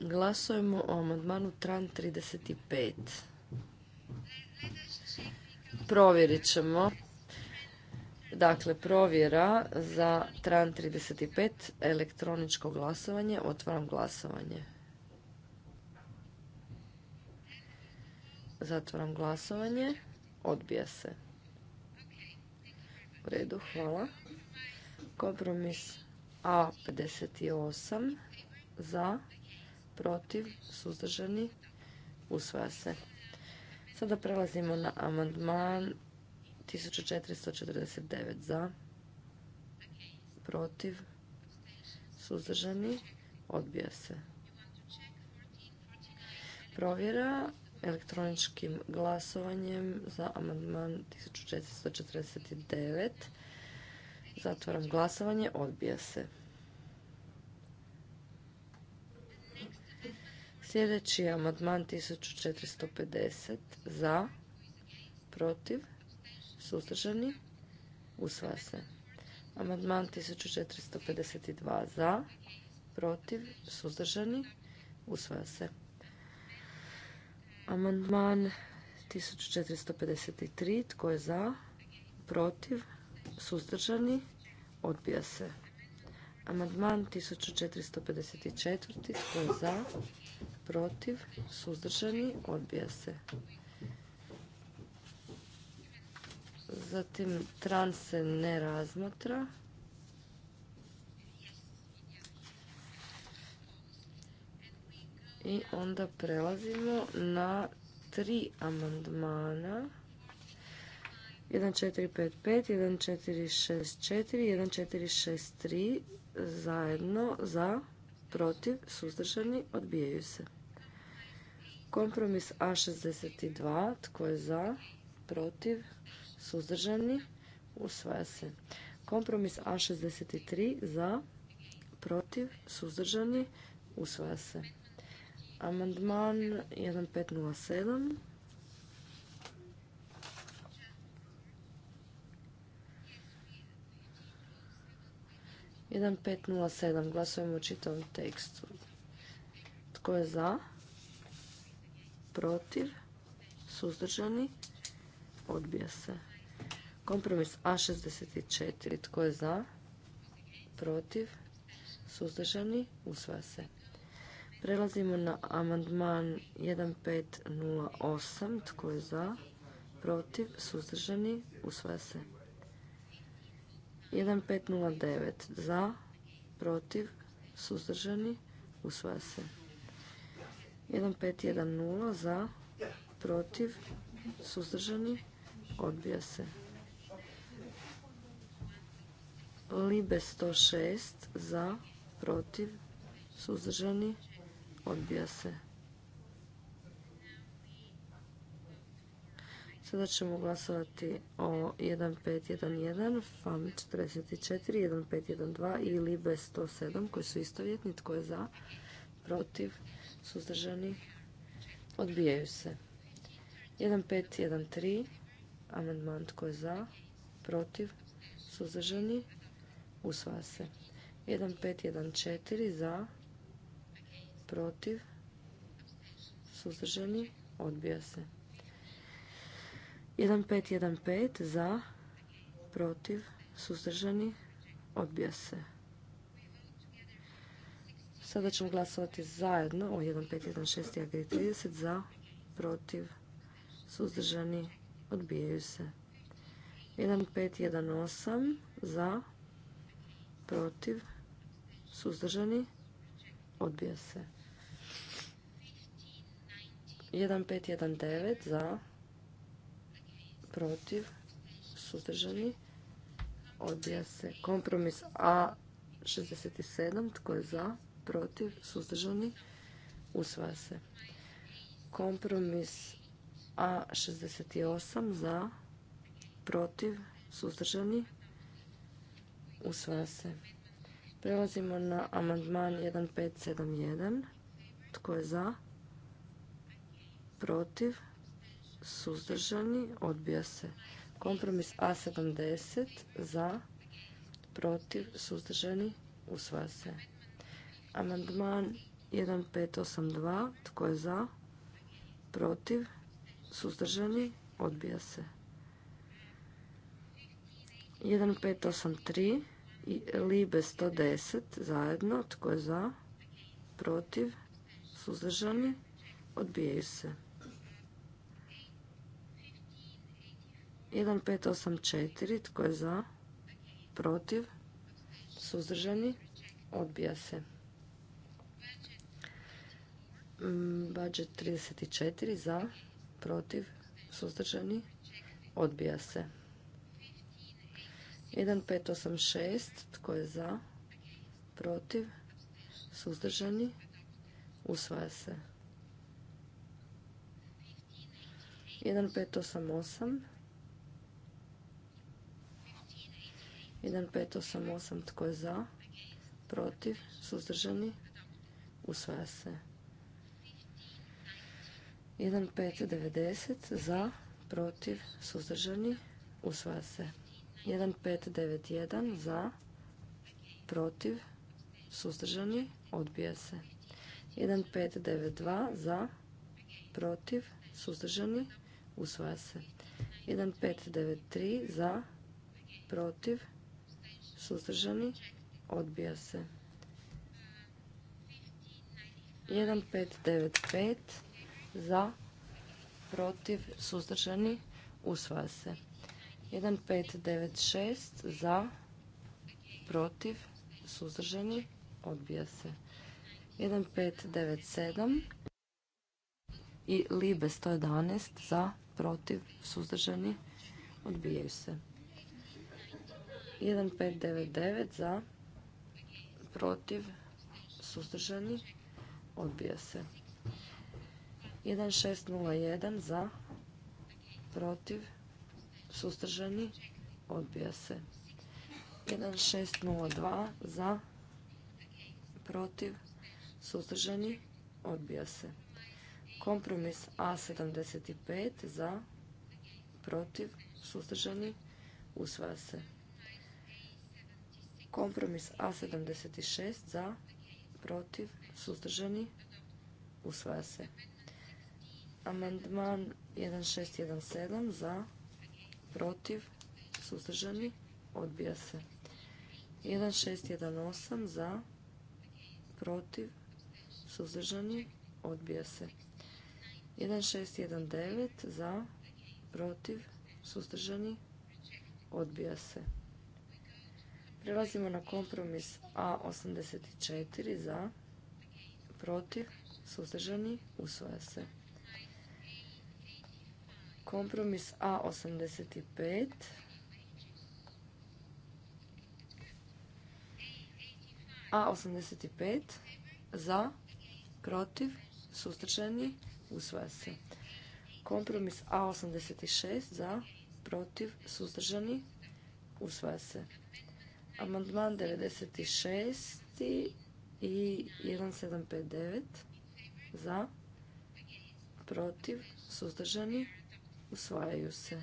Glasujemo o amandmanu Tran 35. Provjerit ćemo. Dakle, provjera za Tran 35, elektroničko glasovanje. Otvaram glasovanje. Zatvoram glasovanje. Odbija se. U redu, hvala. Kompromis A58 za, protiv, suzdržani, usvaja se. Sada prelazimo na amandman 1449 za, protiv, suzdržani, odbija se. Provjera elektroničkim glasovanjem za amandman 1449. Zatvaram glasovanje. Odbija se. Sljedeći amadman 1450 za, protiv, suzdržani, usvaja se. Amadman 1452 za, protiv, suzdržani, usvaja se. Amandman 1453, tko je za, protiv, suzdržani, odbija se. Amandman 1454. Tko je za? Protiv? Suzdržani? Odbija se. Zatim tran se ne razmatra. I onda prelazimo na tri amandmana. 1455, 1464, 1463 zajedno za, protiv, suzdržani, odbijaju se. Kompromis A62, tko je za, protiv, suzdržani, usvaja se. Kompromis A63 za, protiv, suzdržani, usvaja se. Amandman 1507 1507. Glasujemo o čitavom tekstu. Tko je za? Protiv? Suzdržani? Odbija se. Kompromis A64. Tko je za? Protiv? Suzdržani? Usvaja se. Prelazimo na amandman 1508. Tko je za? Protiv? Suzdržani? Usvaja se. 1509 za, protiv, suzdržani, usvaja se. 1510 za, protiv, suzdržani, odbija se. Libe 106 za, protiv, suzdržani, odbija se. Sada ćemo glasovati o 1511, FAM 44, 1512 i LIBE 107 koji su istovjetni. Tko je za? Protiv? Suzdržani? Odbijaju se. 1513, amendman tko je za? Protiv? Suzdržani? Usvaja se. 1514 za? Protiv? Suzdržani? Odbija se. 1515 za, protiv, suzdržani, odbija se. Sada ćemo glasovati zajedno o 1516 i ag 30 za, protiv, suzdržani, odbijaju se. 1518 za, protiv, suzdržani, odbija se. 1519 za, protiv, suzdržani, odbija se. Kompromis A67, tko je za, protiv, suzdržani, usvaja se. Kompromis A68, za, protiv, suzdržani, usvaja se. Prelazimo na amandman 1571. Tko je za? Protiv? suzdržani, odbija se. Kompromis A70 za, protiv, suzdržani, usvaja se. Amandman 1582, tko je za, protiv, suzdržani, odbija se. 1583 i Libe 110 zajedno, tko je za, protiv, suzdržani, odbijaju se. 1584. Tko je za? Protiv? Suzdržani? Odbija se. Budget 34. Za? Protiv? Suzdržani? Odbija se. 1586. Tko je za? Protiv? Suzdržani? Usvaja se. 1588. 1588 tko je za, protiv, suzdržani, usvaja se. 1590 za, protiv, suzdržani, usvaja se. 1591 za, protiv, suzdržani, odbija se. 1592 za, protiv, suzdržani, usvaja se. 1593 za, protiv, Suzdržani? Odbija se. 1595 za, protiv, suzdržani, usvaja se. 1596 za, protiv, suzdržani, odbija se. 1597 i Libe 111 za, protiv, suzdržani, odbijaju se. 1599 za, protiv, suzdržani, odbija se. 1601 za, protiv, suzdržani, odbija se. 1602 za, protiv, suzdržani, odbija se. Kompromis A75 za, protiv, suzdržani, usvaja se. Kompromis A76 za, protiv, suzdržani, usvaja se. Amendman 1617 za, protiv, suzdržani, odbija se. 1618 za, protiv, suzdržani, odbija se. 1619 za, protiv, suzdržani, odbija se. Prelazimo na kompromis A84 za, protiv, suzdržani, usvoja se. Kompromis A85 A85 za, protiv, suzdržani, usvoja se. Kompromis A86 za, protiv, suzdržani, usvoja se. Amandman 96. i 1759 za, protiv, suzdržani, usvajaju se.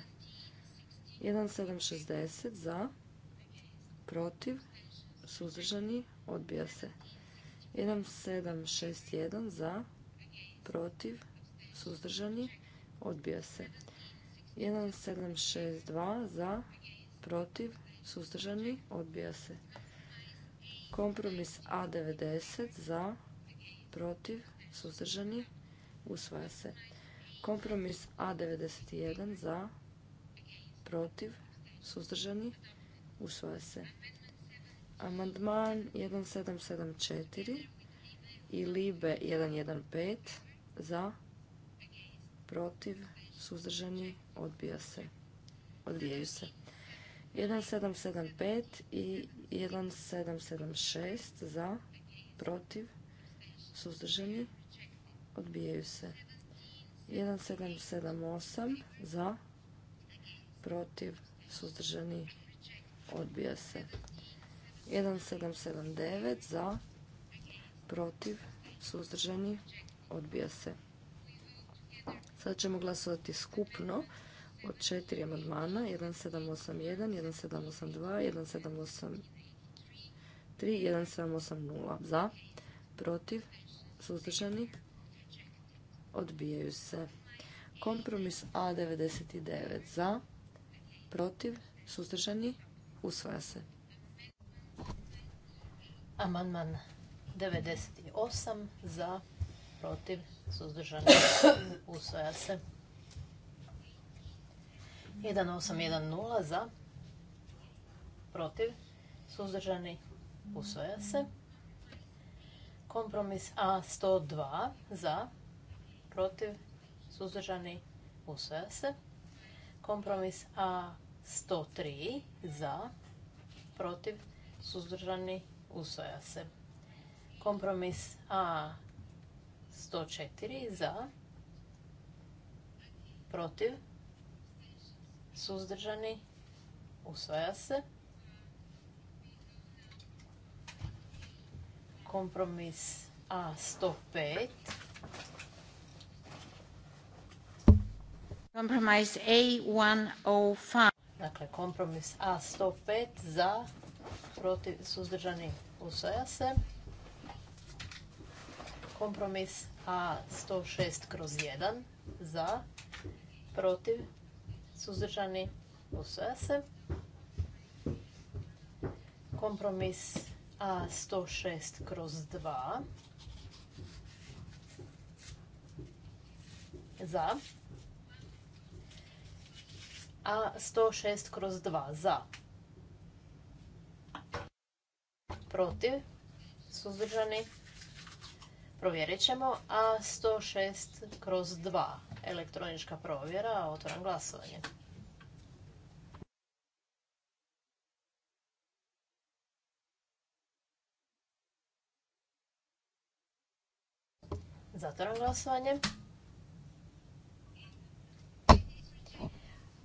1760 za, protiv, suzdržani, odbija se. 1761 za, protiv, suzdržani, odbija se. 1762 za, protiv, suzdržani, odbija se. Kompromis A90 za, protiv, suzdržani, usvaja se. Kompromis A91 za, protiv, suzdržani, usvaja se. Amandman 1774 i Libe 115 za, protiv, suzdržani, odbija se. Odbijaju se. 1775 i 1776 za, protiv, suzdržani, odbijaju se. 1778 za, protiv, suzdržani, odbija se. 1779 za, protiv, suzdržani, odbija se. Sada ćemo glasovati skupno od četiri amandmana 1781, 1782, 1783, 1780 za, protiv, suzdržani, odbijaju se. Kompromis A99 za, protiv, suzdržani, usvaja se. Amandman 98 za, protiv, suzdržani, usvaja se. 1810 za, protiv, suzdržani, usvoja se. Kompromis A102 za, protiv, suzdržani, usvoja se. Kompromis A103 za, protiv, suzdržani, usvoja se. Kompromis A104 za, protiv, suzdržani, usvaja se. Kompromis A105. Kompromis A105. Dakle, kompromis A105 za, protiv, suzdržani, usvaja se. Kompromis A106 kroz 1 za, protiv, suzdržani, usvaja se. Kompromis A106 kroz 2. Za. A106 kroz 2. Za. Protiv. Suzdržani. Provjerit ćemo. A106 kroz 2. Elektronička provjera, otvoram glasovanje. Zatvoram glasovanje.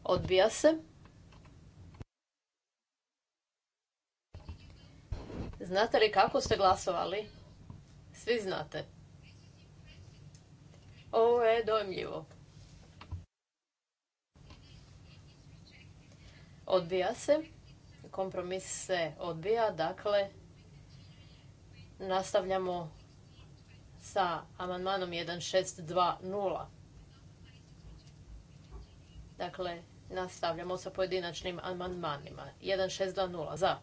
Odbija se. Znate li kako ste glasovali? Svi znate. Ovo je dojmljivo. Odbija se. Kompromis se odbija. Dakle, nastavljamo sa amandmanom 1620. Dakle, nastavljamo sa pojedinačnim amandmanima. 1620 za.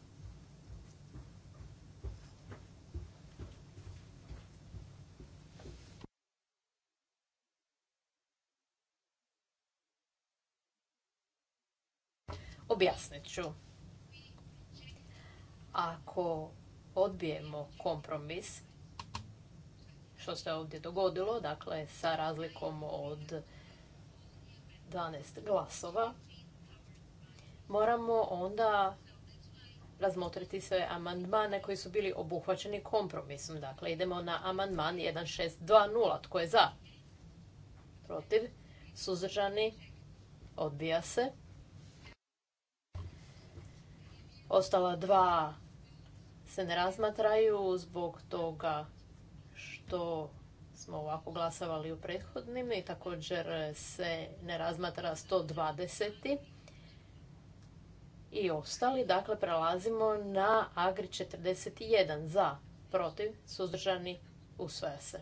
Objasnit ću. Ako odbijemo kompromis, što se ovdje dogodilo, dakle sa razlikom od 12 glasova, moramo onda razmotriti sve amandmane koji su bili obuhvaćeni kompromisom. Dakle, idemo na amandman 1620. Tko je za? Protiv? Suzdržani? Odbija se. Ostala dva se ne razmatraju zbog toga što smo ovako glasovali u prethodnim i također se ne razmatra 120. I ostali, dakle, prelazimo na Agri 41 za, protiv, suzdržani, usvaja se.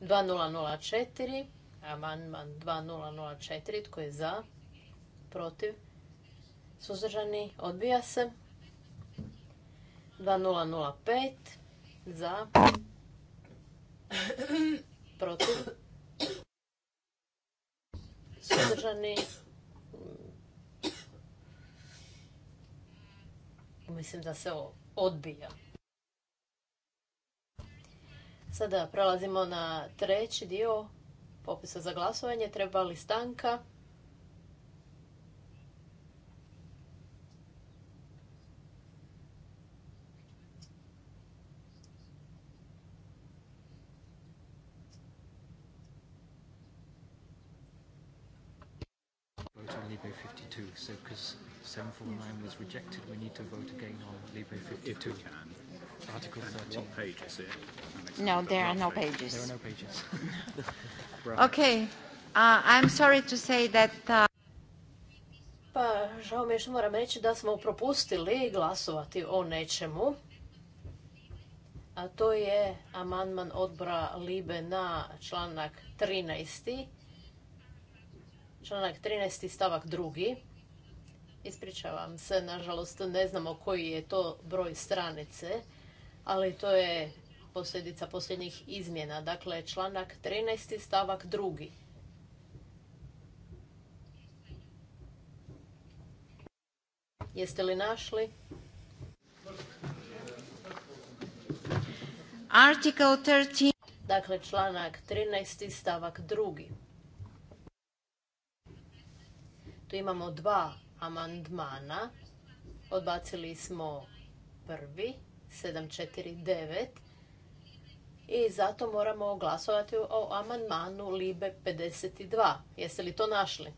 2004, amandman 2004, tko je za, protiv, suzdržani, odbija se. 2005 za, protiv, suzdržani, mislim da se odbija. Sada prelazimo na treći dio popisa za glasovanje. Treba li stanka? So because 749 was rejected, we need to vote again on Libre 52. If we can. Article 13. What page is it? No, there are no pages. There are no pages. right. Okay. Uh, I'm sorry to say that... Uh... Pa, žao mi je što moram reći da smo propustili glasovati o nečemu. A to je amandman odbora Libe na članak 13. Članak 13. stavak 2 Ispričavam se, nažalost ne znamo koji je to broj stranice, ali to je posljedica posljednjih izmjena. Dakle, članak 13. stavak 2. Jeste li našli? Article 13. Dakle, članak 13. stavak 2. Tu imamo dva amandmana. Odbacili smo prvi, 749. I zato moramo glasovati o amandmanu Libe 52. Jeste li to našli?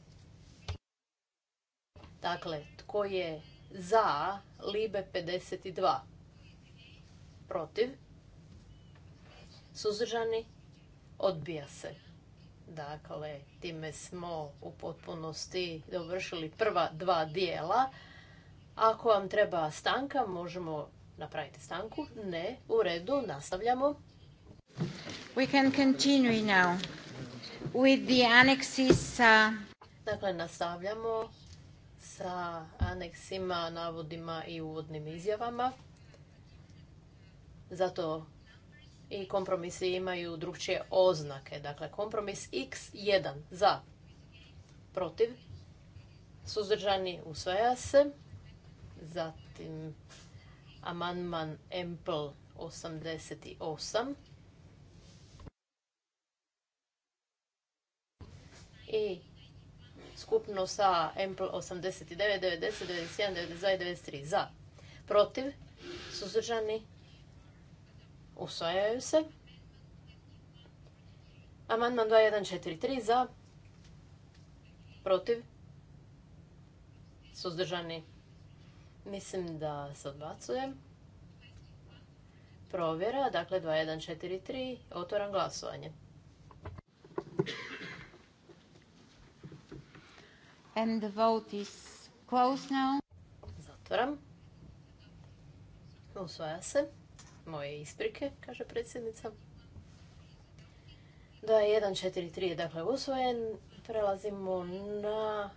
Dakle, tko je za Libe 52? Protiv? Suzdržani? Odbija se. Dakle, time smo u potpunosti dovršili prva dva dijela. Ako vam treba stanka, možemo napraviti stanku. Ne, u redu, nastavljamo. We can continue now with the annexes. Uh, dakle, nastavljamo sa aneksima, navodima i uvodnim izjavama. Zato i kompromisi imaju drugčije oznake. Dakle, kompromis x1 za protiv, suzdržani usvaja se, zatim amandman MPL 88 i skupno sa MPL 89, 90, 91, 92 i 93 za protiv, suzdržani Usvajaju se. Amandman 2143 za. Protiv. Suzdržani. Mislim da se odbacuje. Provjera, dakle 2143. Otvoram glasovanje. And the vote is closed now. Zatvoram. Usvaja se moje isprike, kaže predsjednica. Da je 1.4.3 je dakle usvojen. Prelazimo na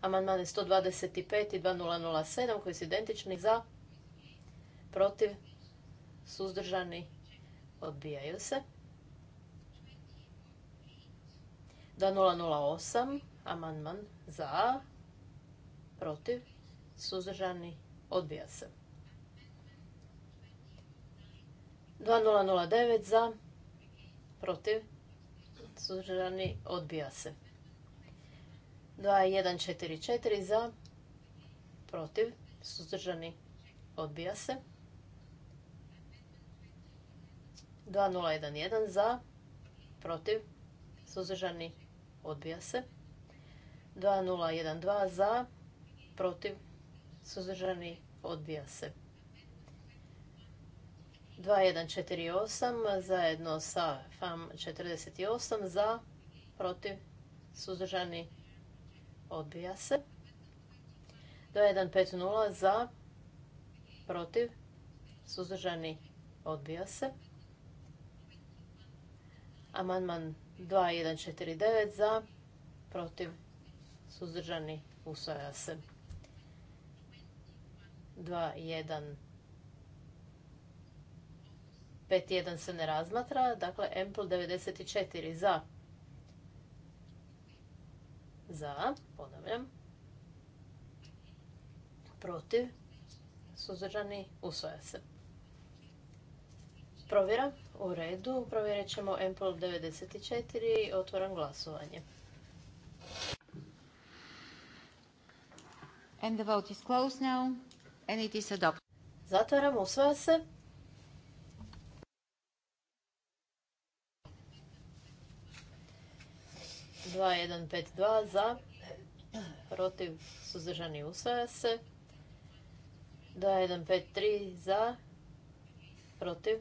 amandmane 125 i 2007 koji su identični za, protiv, suzdržani, odbijaju se. 2008, amandman za, protiv, suzdržani, odbija se. 2009 za, protiv, suzdržani, odbija se. 2144 za, protiv, suzdržani, odbija se. 2011 za, protiv, suzdržani, odbija se. 2012 za, protiv, suzdržani, odbija se. 2148 zajedno sa FAM 48 za, protiv, suzdržani, odbija se. 2150 za, protiv, suzdržani, odbija se. Amandman 2149 za, protiv, suzdržani, usvaja se. 2150 51 se ne razmatra, dakle Ample 94 za. Za, ponavljam. Protiv, suzdržani, usvoja se. Provjera, u redu, provjerit ćemo Ample 94, otvoram glasovanje. And the vote is closed now and it Zatvaram, usvaja se. 2152 za, protiv, suzdržani usvaja se. 2153 za, protiv,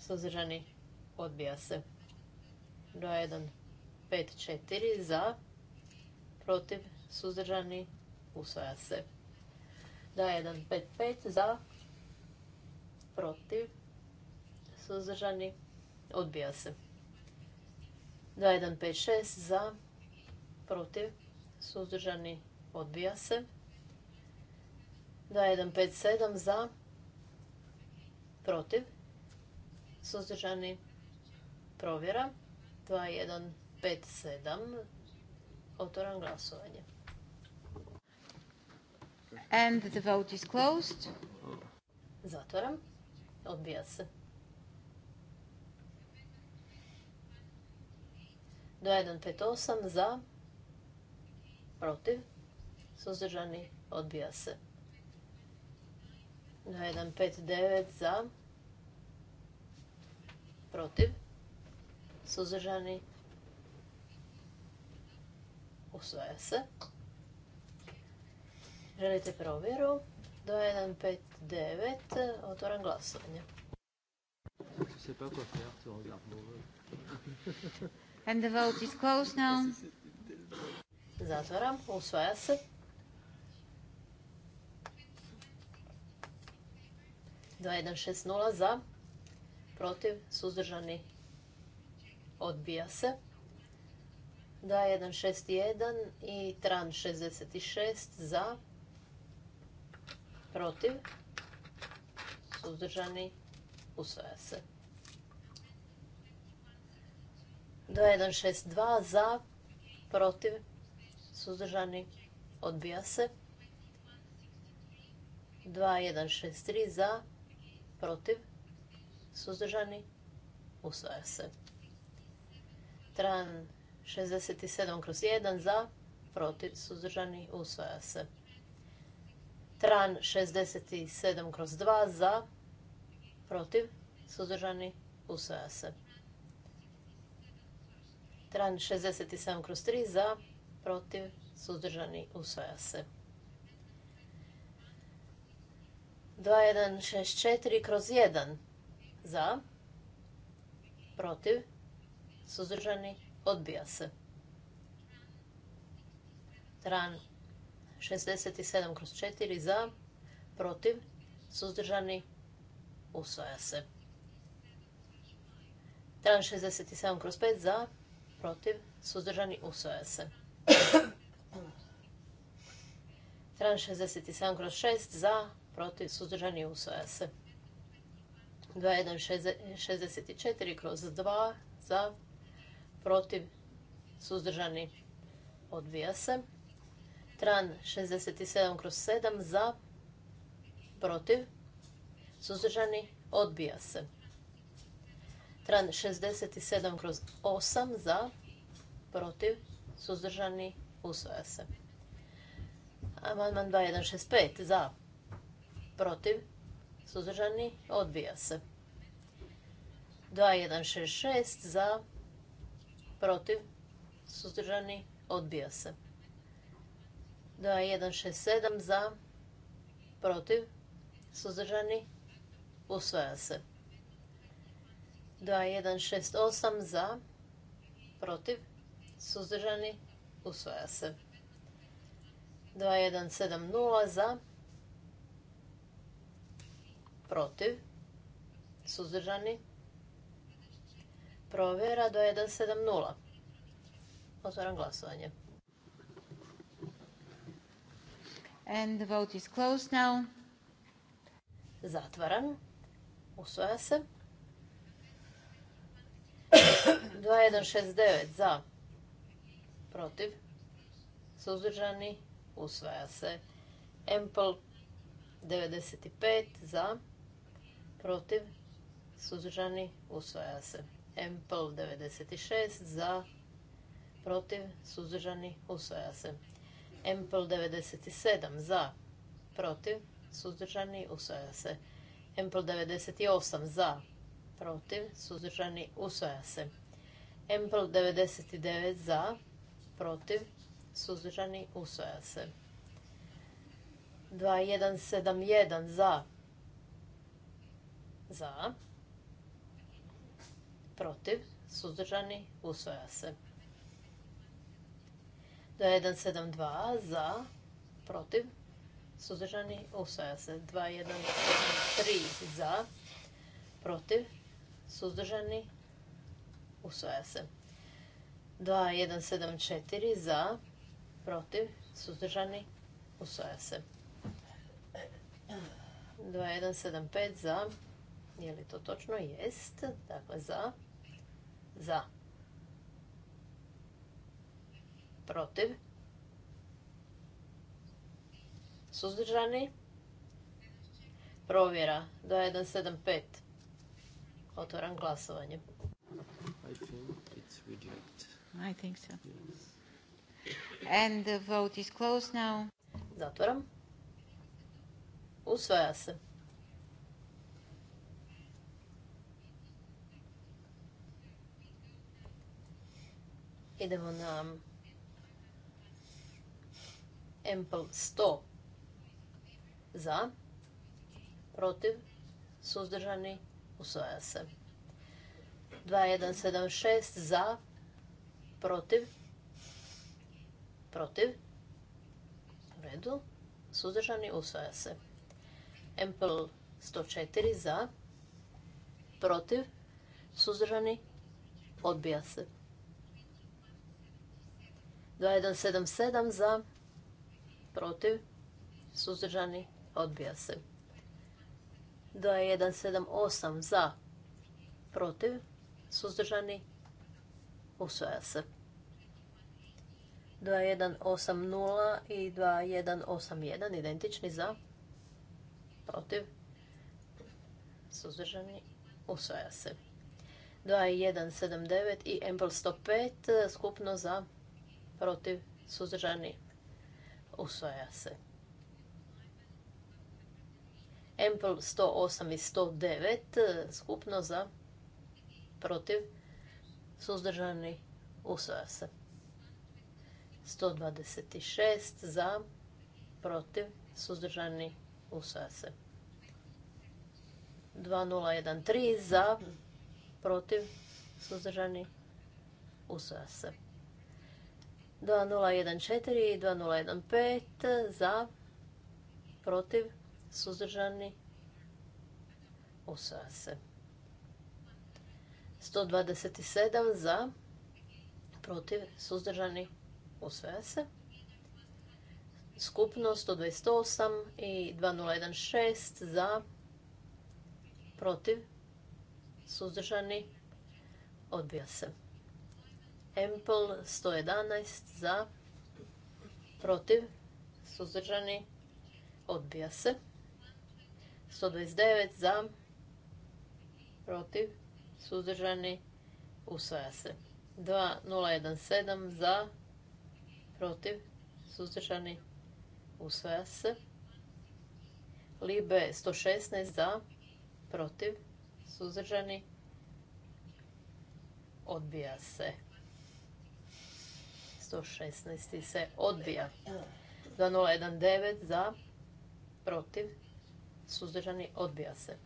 suzdržani odbija se. 2154 za, protiv, suzdržani usvaja se. 2155 za, protiv, suzdržani odbija se. 2156 za, protiv, suzdržani, odbija se. 2157 za, protiv, suzdržani, provjera. 2157, otvoram glasovanje. And the vote is closed. Zatvoram. Odbija se. 2158 za, protiv, suzdržani, odbija se. 2159 za, protiv, suzdržani, usvaja se. Želite provjeru? Do otvoram glasovanje. Znači, And the vote Zatvaram. Usvaja se. 2160 za. Protiv. Suzdržani. Odbija se. 161 i tran 66 za. Protiv. Suzdržani. Usvaja se. 2162 za. Protiv suzdržani, odbija se. 2163 za, protiv, suzdržani, usvaja se. Tran 67 kroz 1 za, protiv, suzdržani, usvaja se. Tran 67 kroz 2 za, protiv, suzdržani, usvaja se. Tran 67 kroz 3 za, protiv, suzdržani, usvaja se. 2164 kroz 1 za, protiv, suzdržani, odbija se. Tran 67 kroz 4 za, protiv, suzdržani, usvaja se. Tran 67 kroz 5 za, protiv, suzdržani, usvaja se. Tran 67 kroz 6 za, protiv, suzdržani usvoja se. 2164 kroz 2 za, protiv, suzdržani odbija se. Tran 67 kroz 7 za, protiv, suzdržani odbija se. Tran 67 kroz 8 za, protiv, suzdržani, usvaja se. Amandman 2165 za, protiv, suzdržani, odbija se. 2166 za, protiv, suzdržani, odbija se. 2167 za, protiv, suzdržani, usvaja se. 2168 za, protiv, suzdržani, Usvoja se. 2170 za, protiv, suzdržani, provjera 2170. 170. glasovanje. And the vote is closed now. Zatvaram. Usvaja se. 2169 za, protiv, suzdržani, usvaja se. Empl 95 za, protiv, suzdržani, usvaja se. Empl 96 za, protiv, suzdržani, usvaja se. Empl 97 za, protiv, suzdržani, usvaja se. Empl 98 za, protiv, suzdržani, usvaja se. Empl 99 za, protiv, suzdržani, usvaja se. 2171 za, za, protiv, suzdržani, usvaja se. 2172 za, protiv, suzdržani, usvaja se. 2173 za, protiv, suzdržani, usvaja se. 2174 za, protiv, suzdržani, usvoja se. 2175 za, je li to točno? Jest, dakle za, za, protiv, suzdržani, provjera 2175. Otvoram glasovanje. I think it's i think so. And the vote is closed now. Zatvaram. Usvaja se. Idemo na Empel 100 za, protiv, suzdržani, usvaja se. 2176 za, Protiv. Protiv. U redu. Suzdržani usvaja se. MPL 104 za. Protiv. Suzdržani odbija se. 2177 za. Protiv. Suzdržani odbija se. 2178 za. Protiv. Suzdržani Usvaja se. 2180 i 2181 identični za protiv suzdržani usvaja se. 2179 i Ample 105 skupno za protiv suzdržani usvaja se. Ample 108 i 109 skupno za protiv suzdržani, usvaja se. 126 za, protiv, suzdržani, usvaja se. 2013 za, protiv, suzdržani, usvaja se. 2014 i 2015 za, protiv, suzdržani, usvaja se. 127 za, protiv, suzdržani, osvaja se. Skupno 128 i 2016 za, protiv, suzdržani, odbija se. Empol 111 za, protiv, suzdržani, odbija se. 129 za, protiv, suzdržani, usvaja se. 2017 za, protiv, suzdržani, usvaja se. Libe 116 za, protiv, suzdržani, odbija se. 116 se odbija. 2019 za, protiv, suzdržani, odbija se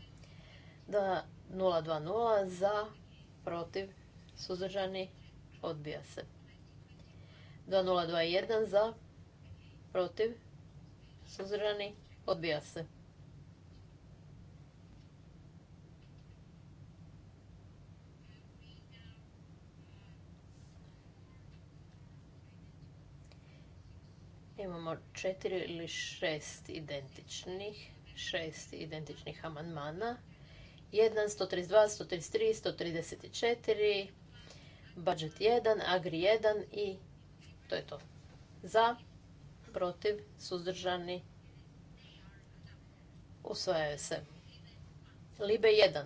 da 020 za, protiv, suzdržani, odbija se. 2021 za, protiv, suzdržani, odbija se. Imamo četiri ili šest identičnih, šest identičnih amandmana. 132, 133, 134, budget 1, agri 1 i to je to. Za, protiv, suzdržani, usvajaju se. Libe 1,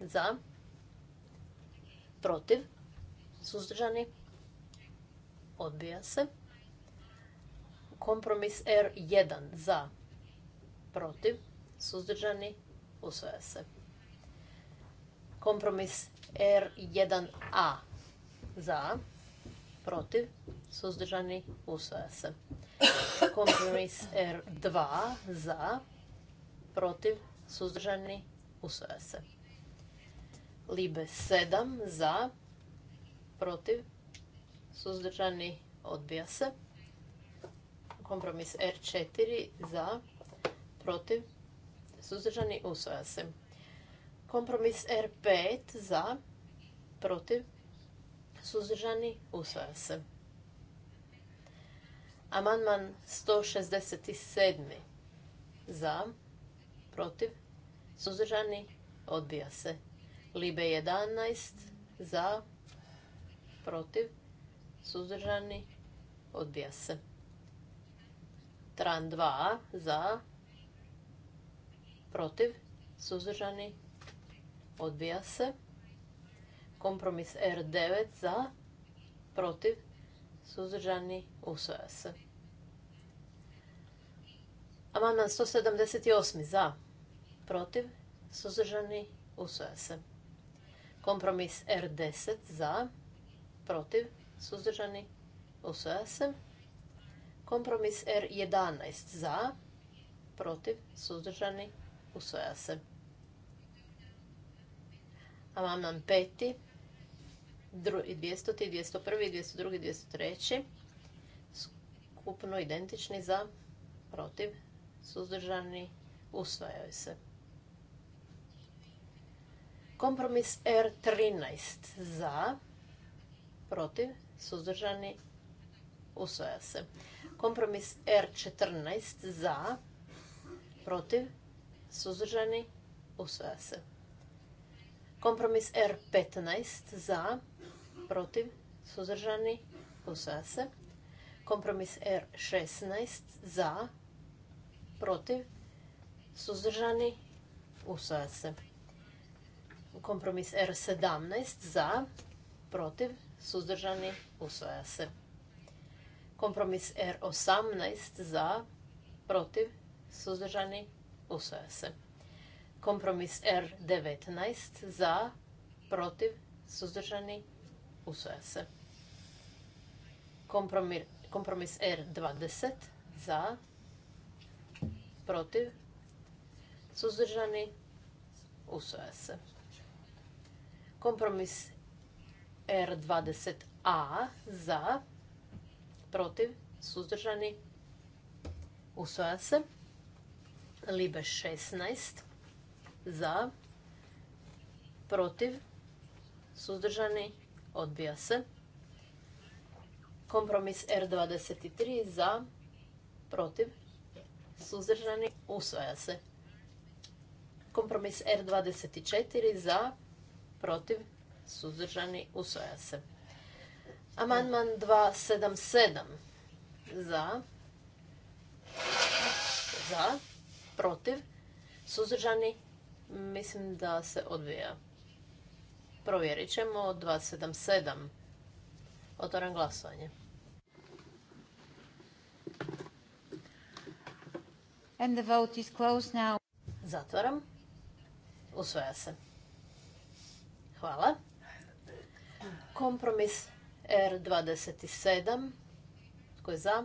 za, protiv, suzdržani, odbija se. Kompromis R1, za, protiv, suzdržani, usvaja se. Kompromis R1A za, protiv, suzdržani, usvaja se. Kompromis R2 za, protiv, suzdržani, usvaja se. Libe 7 za, protiv, suzdržani, odbija se. Kompromis R4 za, protiv, suzdržani, usvaja se. Kompromis R5 za, protiv, suzdržani, usvaja se. Amandman 167. Za, protiv, suzdržani, odbija se. Libe 11. Za, protiv, suzdržani, odbija se. Tran 2. Za, protiv, suzdržani, odbija se. Kompromis R9 za, protiv, suzdržani, usvoja se. Amandman 178 za, protiv, suzdržani, usvoja se. Kompromis R10 za, protiv, suzdržani, usvoja se. Kompromis R11 za, protiv, suzdržani, usvoja se vam nam peti, 200, 201, 202, 203. Skupno identični za, protiv, suzdržani, usvajaju se. Kompromis R13 za, protiv, suzdržani, usvaja se. Kompromis R14 za, protiv, suzdržani, usvaja se. Kompromis R15 za, protiv, suzdržani, usvaja se. Kompromis R16 za, protiv, suzdržani, usvaja se. Kompromis R17 za, protiv, suzdržani, usvaja se. Kompromis R18 za, protiv, suzdržani, usvaja se. Kompromis R19 za, protiv, suzdržani, usvoja se. Kompromis, R20 za, protiv, suzdržani, usvoja se. Kompromis R20A za, protiv, suzdržani, usvoja se. Libe 16 za, protiv, suzdržani, odbija se. Kompromis R23 za, protiv, suzdržani, usvaja se. Kompromis R24 za, protiv, suzdržani, usvaja se. Amandman 277 za, za, protiv, suzdržani, Mislim da se odvija. Provjerit ćemo 277. Otvaram glasovanje. And the vote is closed now. Zatvaram. Usvaja se. Hvala. Kompromis R27. Tko je za?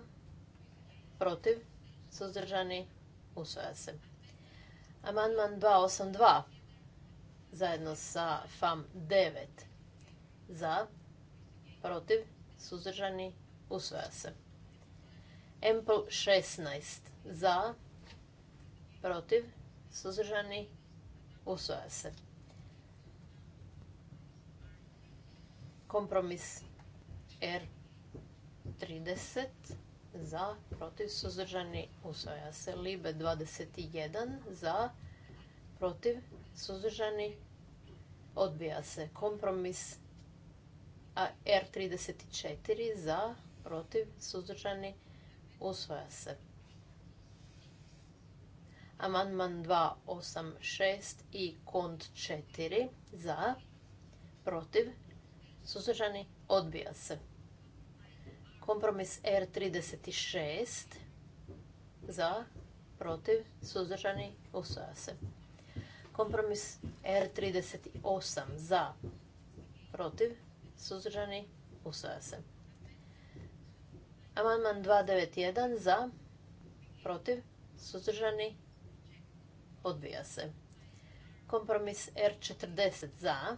Protiv? Suzdržani? Usvaja se. Amandman 282 zajedno sa FAM 9 za, protiv, suzdržani, usvoja se. Empl 16 za, protiv, suzdržani, usvoja se. Kompromis R30 za, protiv, suzdržani, usvaja se. Libe 21 za, protiv, suzdržani, odbija se. Kompromis R34 za, protiv, suzdržani, usvaja se. Amandman 286 i kont 4 za, protiv, suzdržani, odbija se. Kompromis R36 za, protiv, suzdržani, usvaja se. Kompromis R38 za, protiv, suzdržani, usvaja se. Amandman 291 za, protiv, suzdržani, odbija se. Kompromis R40 za,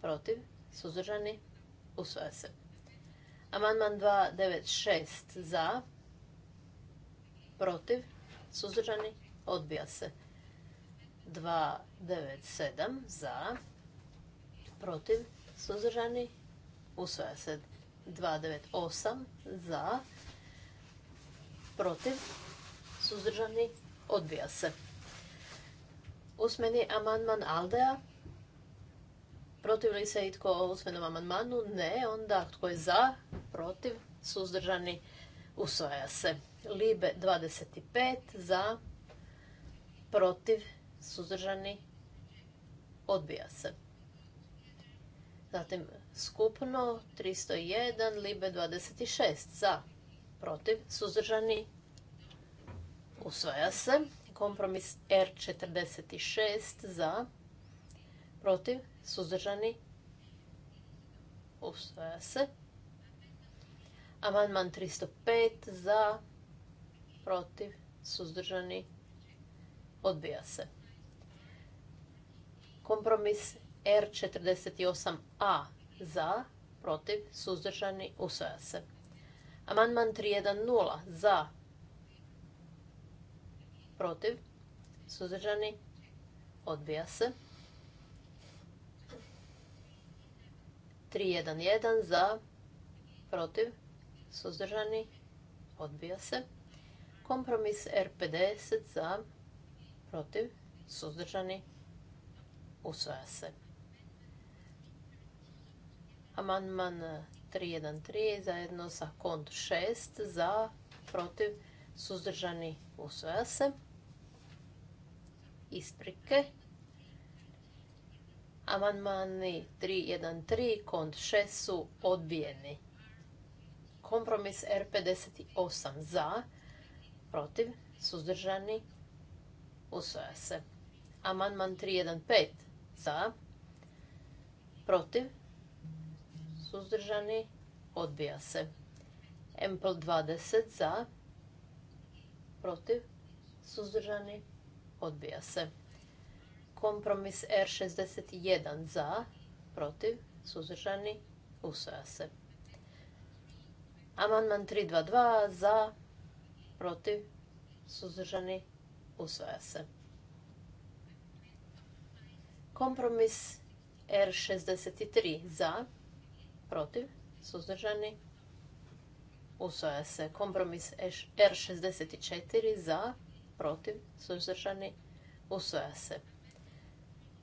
protiv, suzdržani, usvaja se. Amandman 296 za, protiv, suzdržani, odbija se. 297 za, protiv, suzdržani, usvaja se. 298 za, protiv, suzdržani, odbija se. Usmeni amandman Aldea Protiv li se itko usmenom amandmanu? Ne. Onda tko je za? Protiv? Suzdržani? Usvaja se. Libe 25 za, protiv, suzdržani, odbija se. Zatim skupno 301, Libe 26 za, protiv, suzdržani, usvaja se. Kompromis R46 za, protiv, Suzdržani? Usvaja se. Amandman 305 za, protiv, suzdržani, odbija se. Kompromis R48A za, protiv, suzdržani, usvaja se. Amandman 310 za, protiv, suzdržani, odbija se. 311 za, protiv, suzdržani, odbija se. Kompromis R50 za, protiv, suzdržani, usvaja se. Amandman 313 zajedno sa kont 6 za, protiv, suzdržani, usvaja se. Isprike Amandmani 313, kont 6 su odbijeni. Kompromis R58 za, protiv, suzdržani, usvoja se. Amandman 315 za, protiv, suzdržani, odbija se. Empl 20 za, protiv, suzdržani, odbija se. Kompromis R61 za, protiv, suzdržani, usvaja se. Amandman 322 za, protiv, suzdržani, usvaja se. Kompromis R63 za, protiv, suzdržani, usvaja se. Kompromis R64 za, protiv, suzdržani, usvaja se.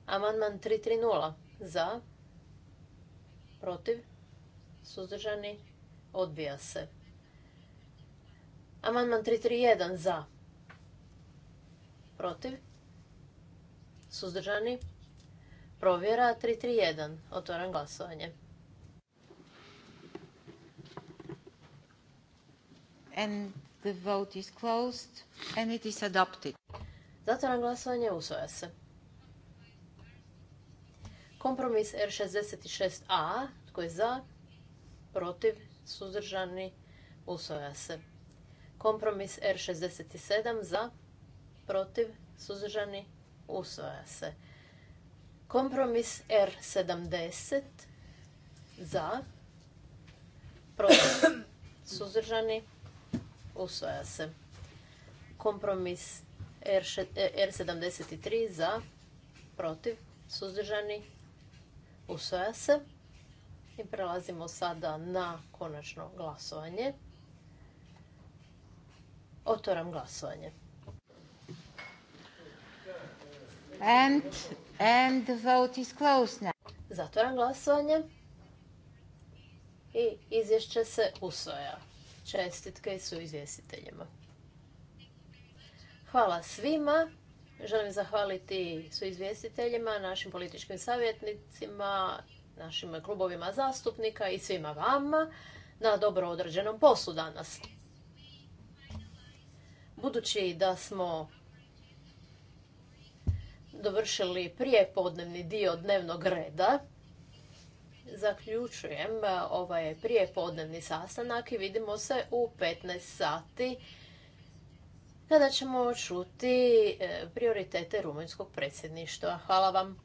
Amandman 330 za, protiv, suzdržani, odbija se. Amandman 331 za, protiv, suzdržani, provjera 331. Otvoram glasovanje. And the vote is closed and it is adopted. Zatvoram glasovanje, usvoja se. Kompromis R66A, tko je za, protiv, suzdržani, usvoja se. Kompromis R67 za, protiv, suzdržani, usvoja se. Kompromis R70 za, protiv, suzdržani, usvoja se. Kompromis R73 za, protiv, suzdržani, Usvaja se. I prelazimo sada na konačno glasovanje. Otvoram glasovanje. And, and vote is closed Zatvoram glasovanje. I izvješće se usvoja. Čestitke su izvjestiteljima. Hvala svima. Želim zahvaliti svim izvjestiteljima, našim političkim savjetnicima, našim klubovima zastupnika i svima vama na dobro određenom poslu danas. Budući da smo dovršili prije podnevni dio dnevnog reda, zaključujem ovaj podnevni sastanak i vidimo se u 15 sati kada ćemo čuti e, prioritete rumunjskog predsjedništva. Hvala vam.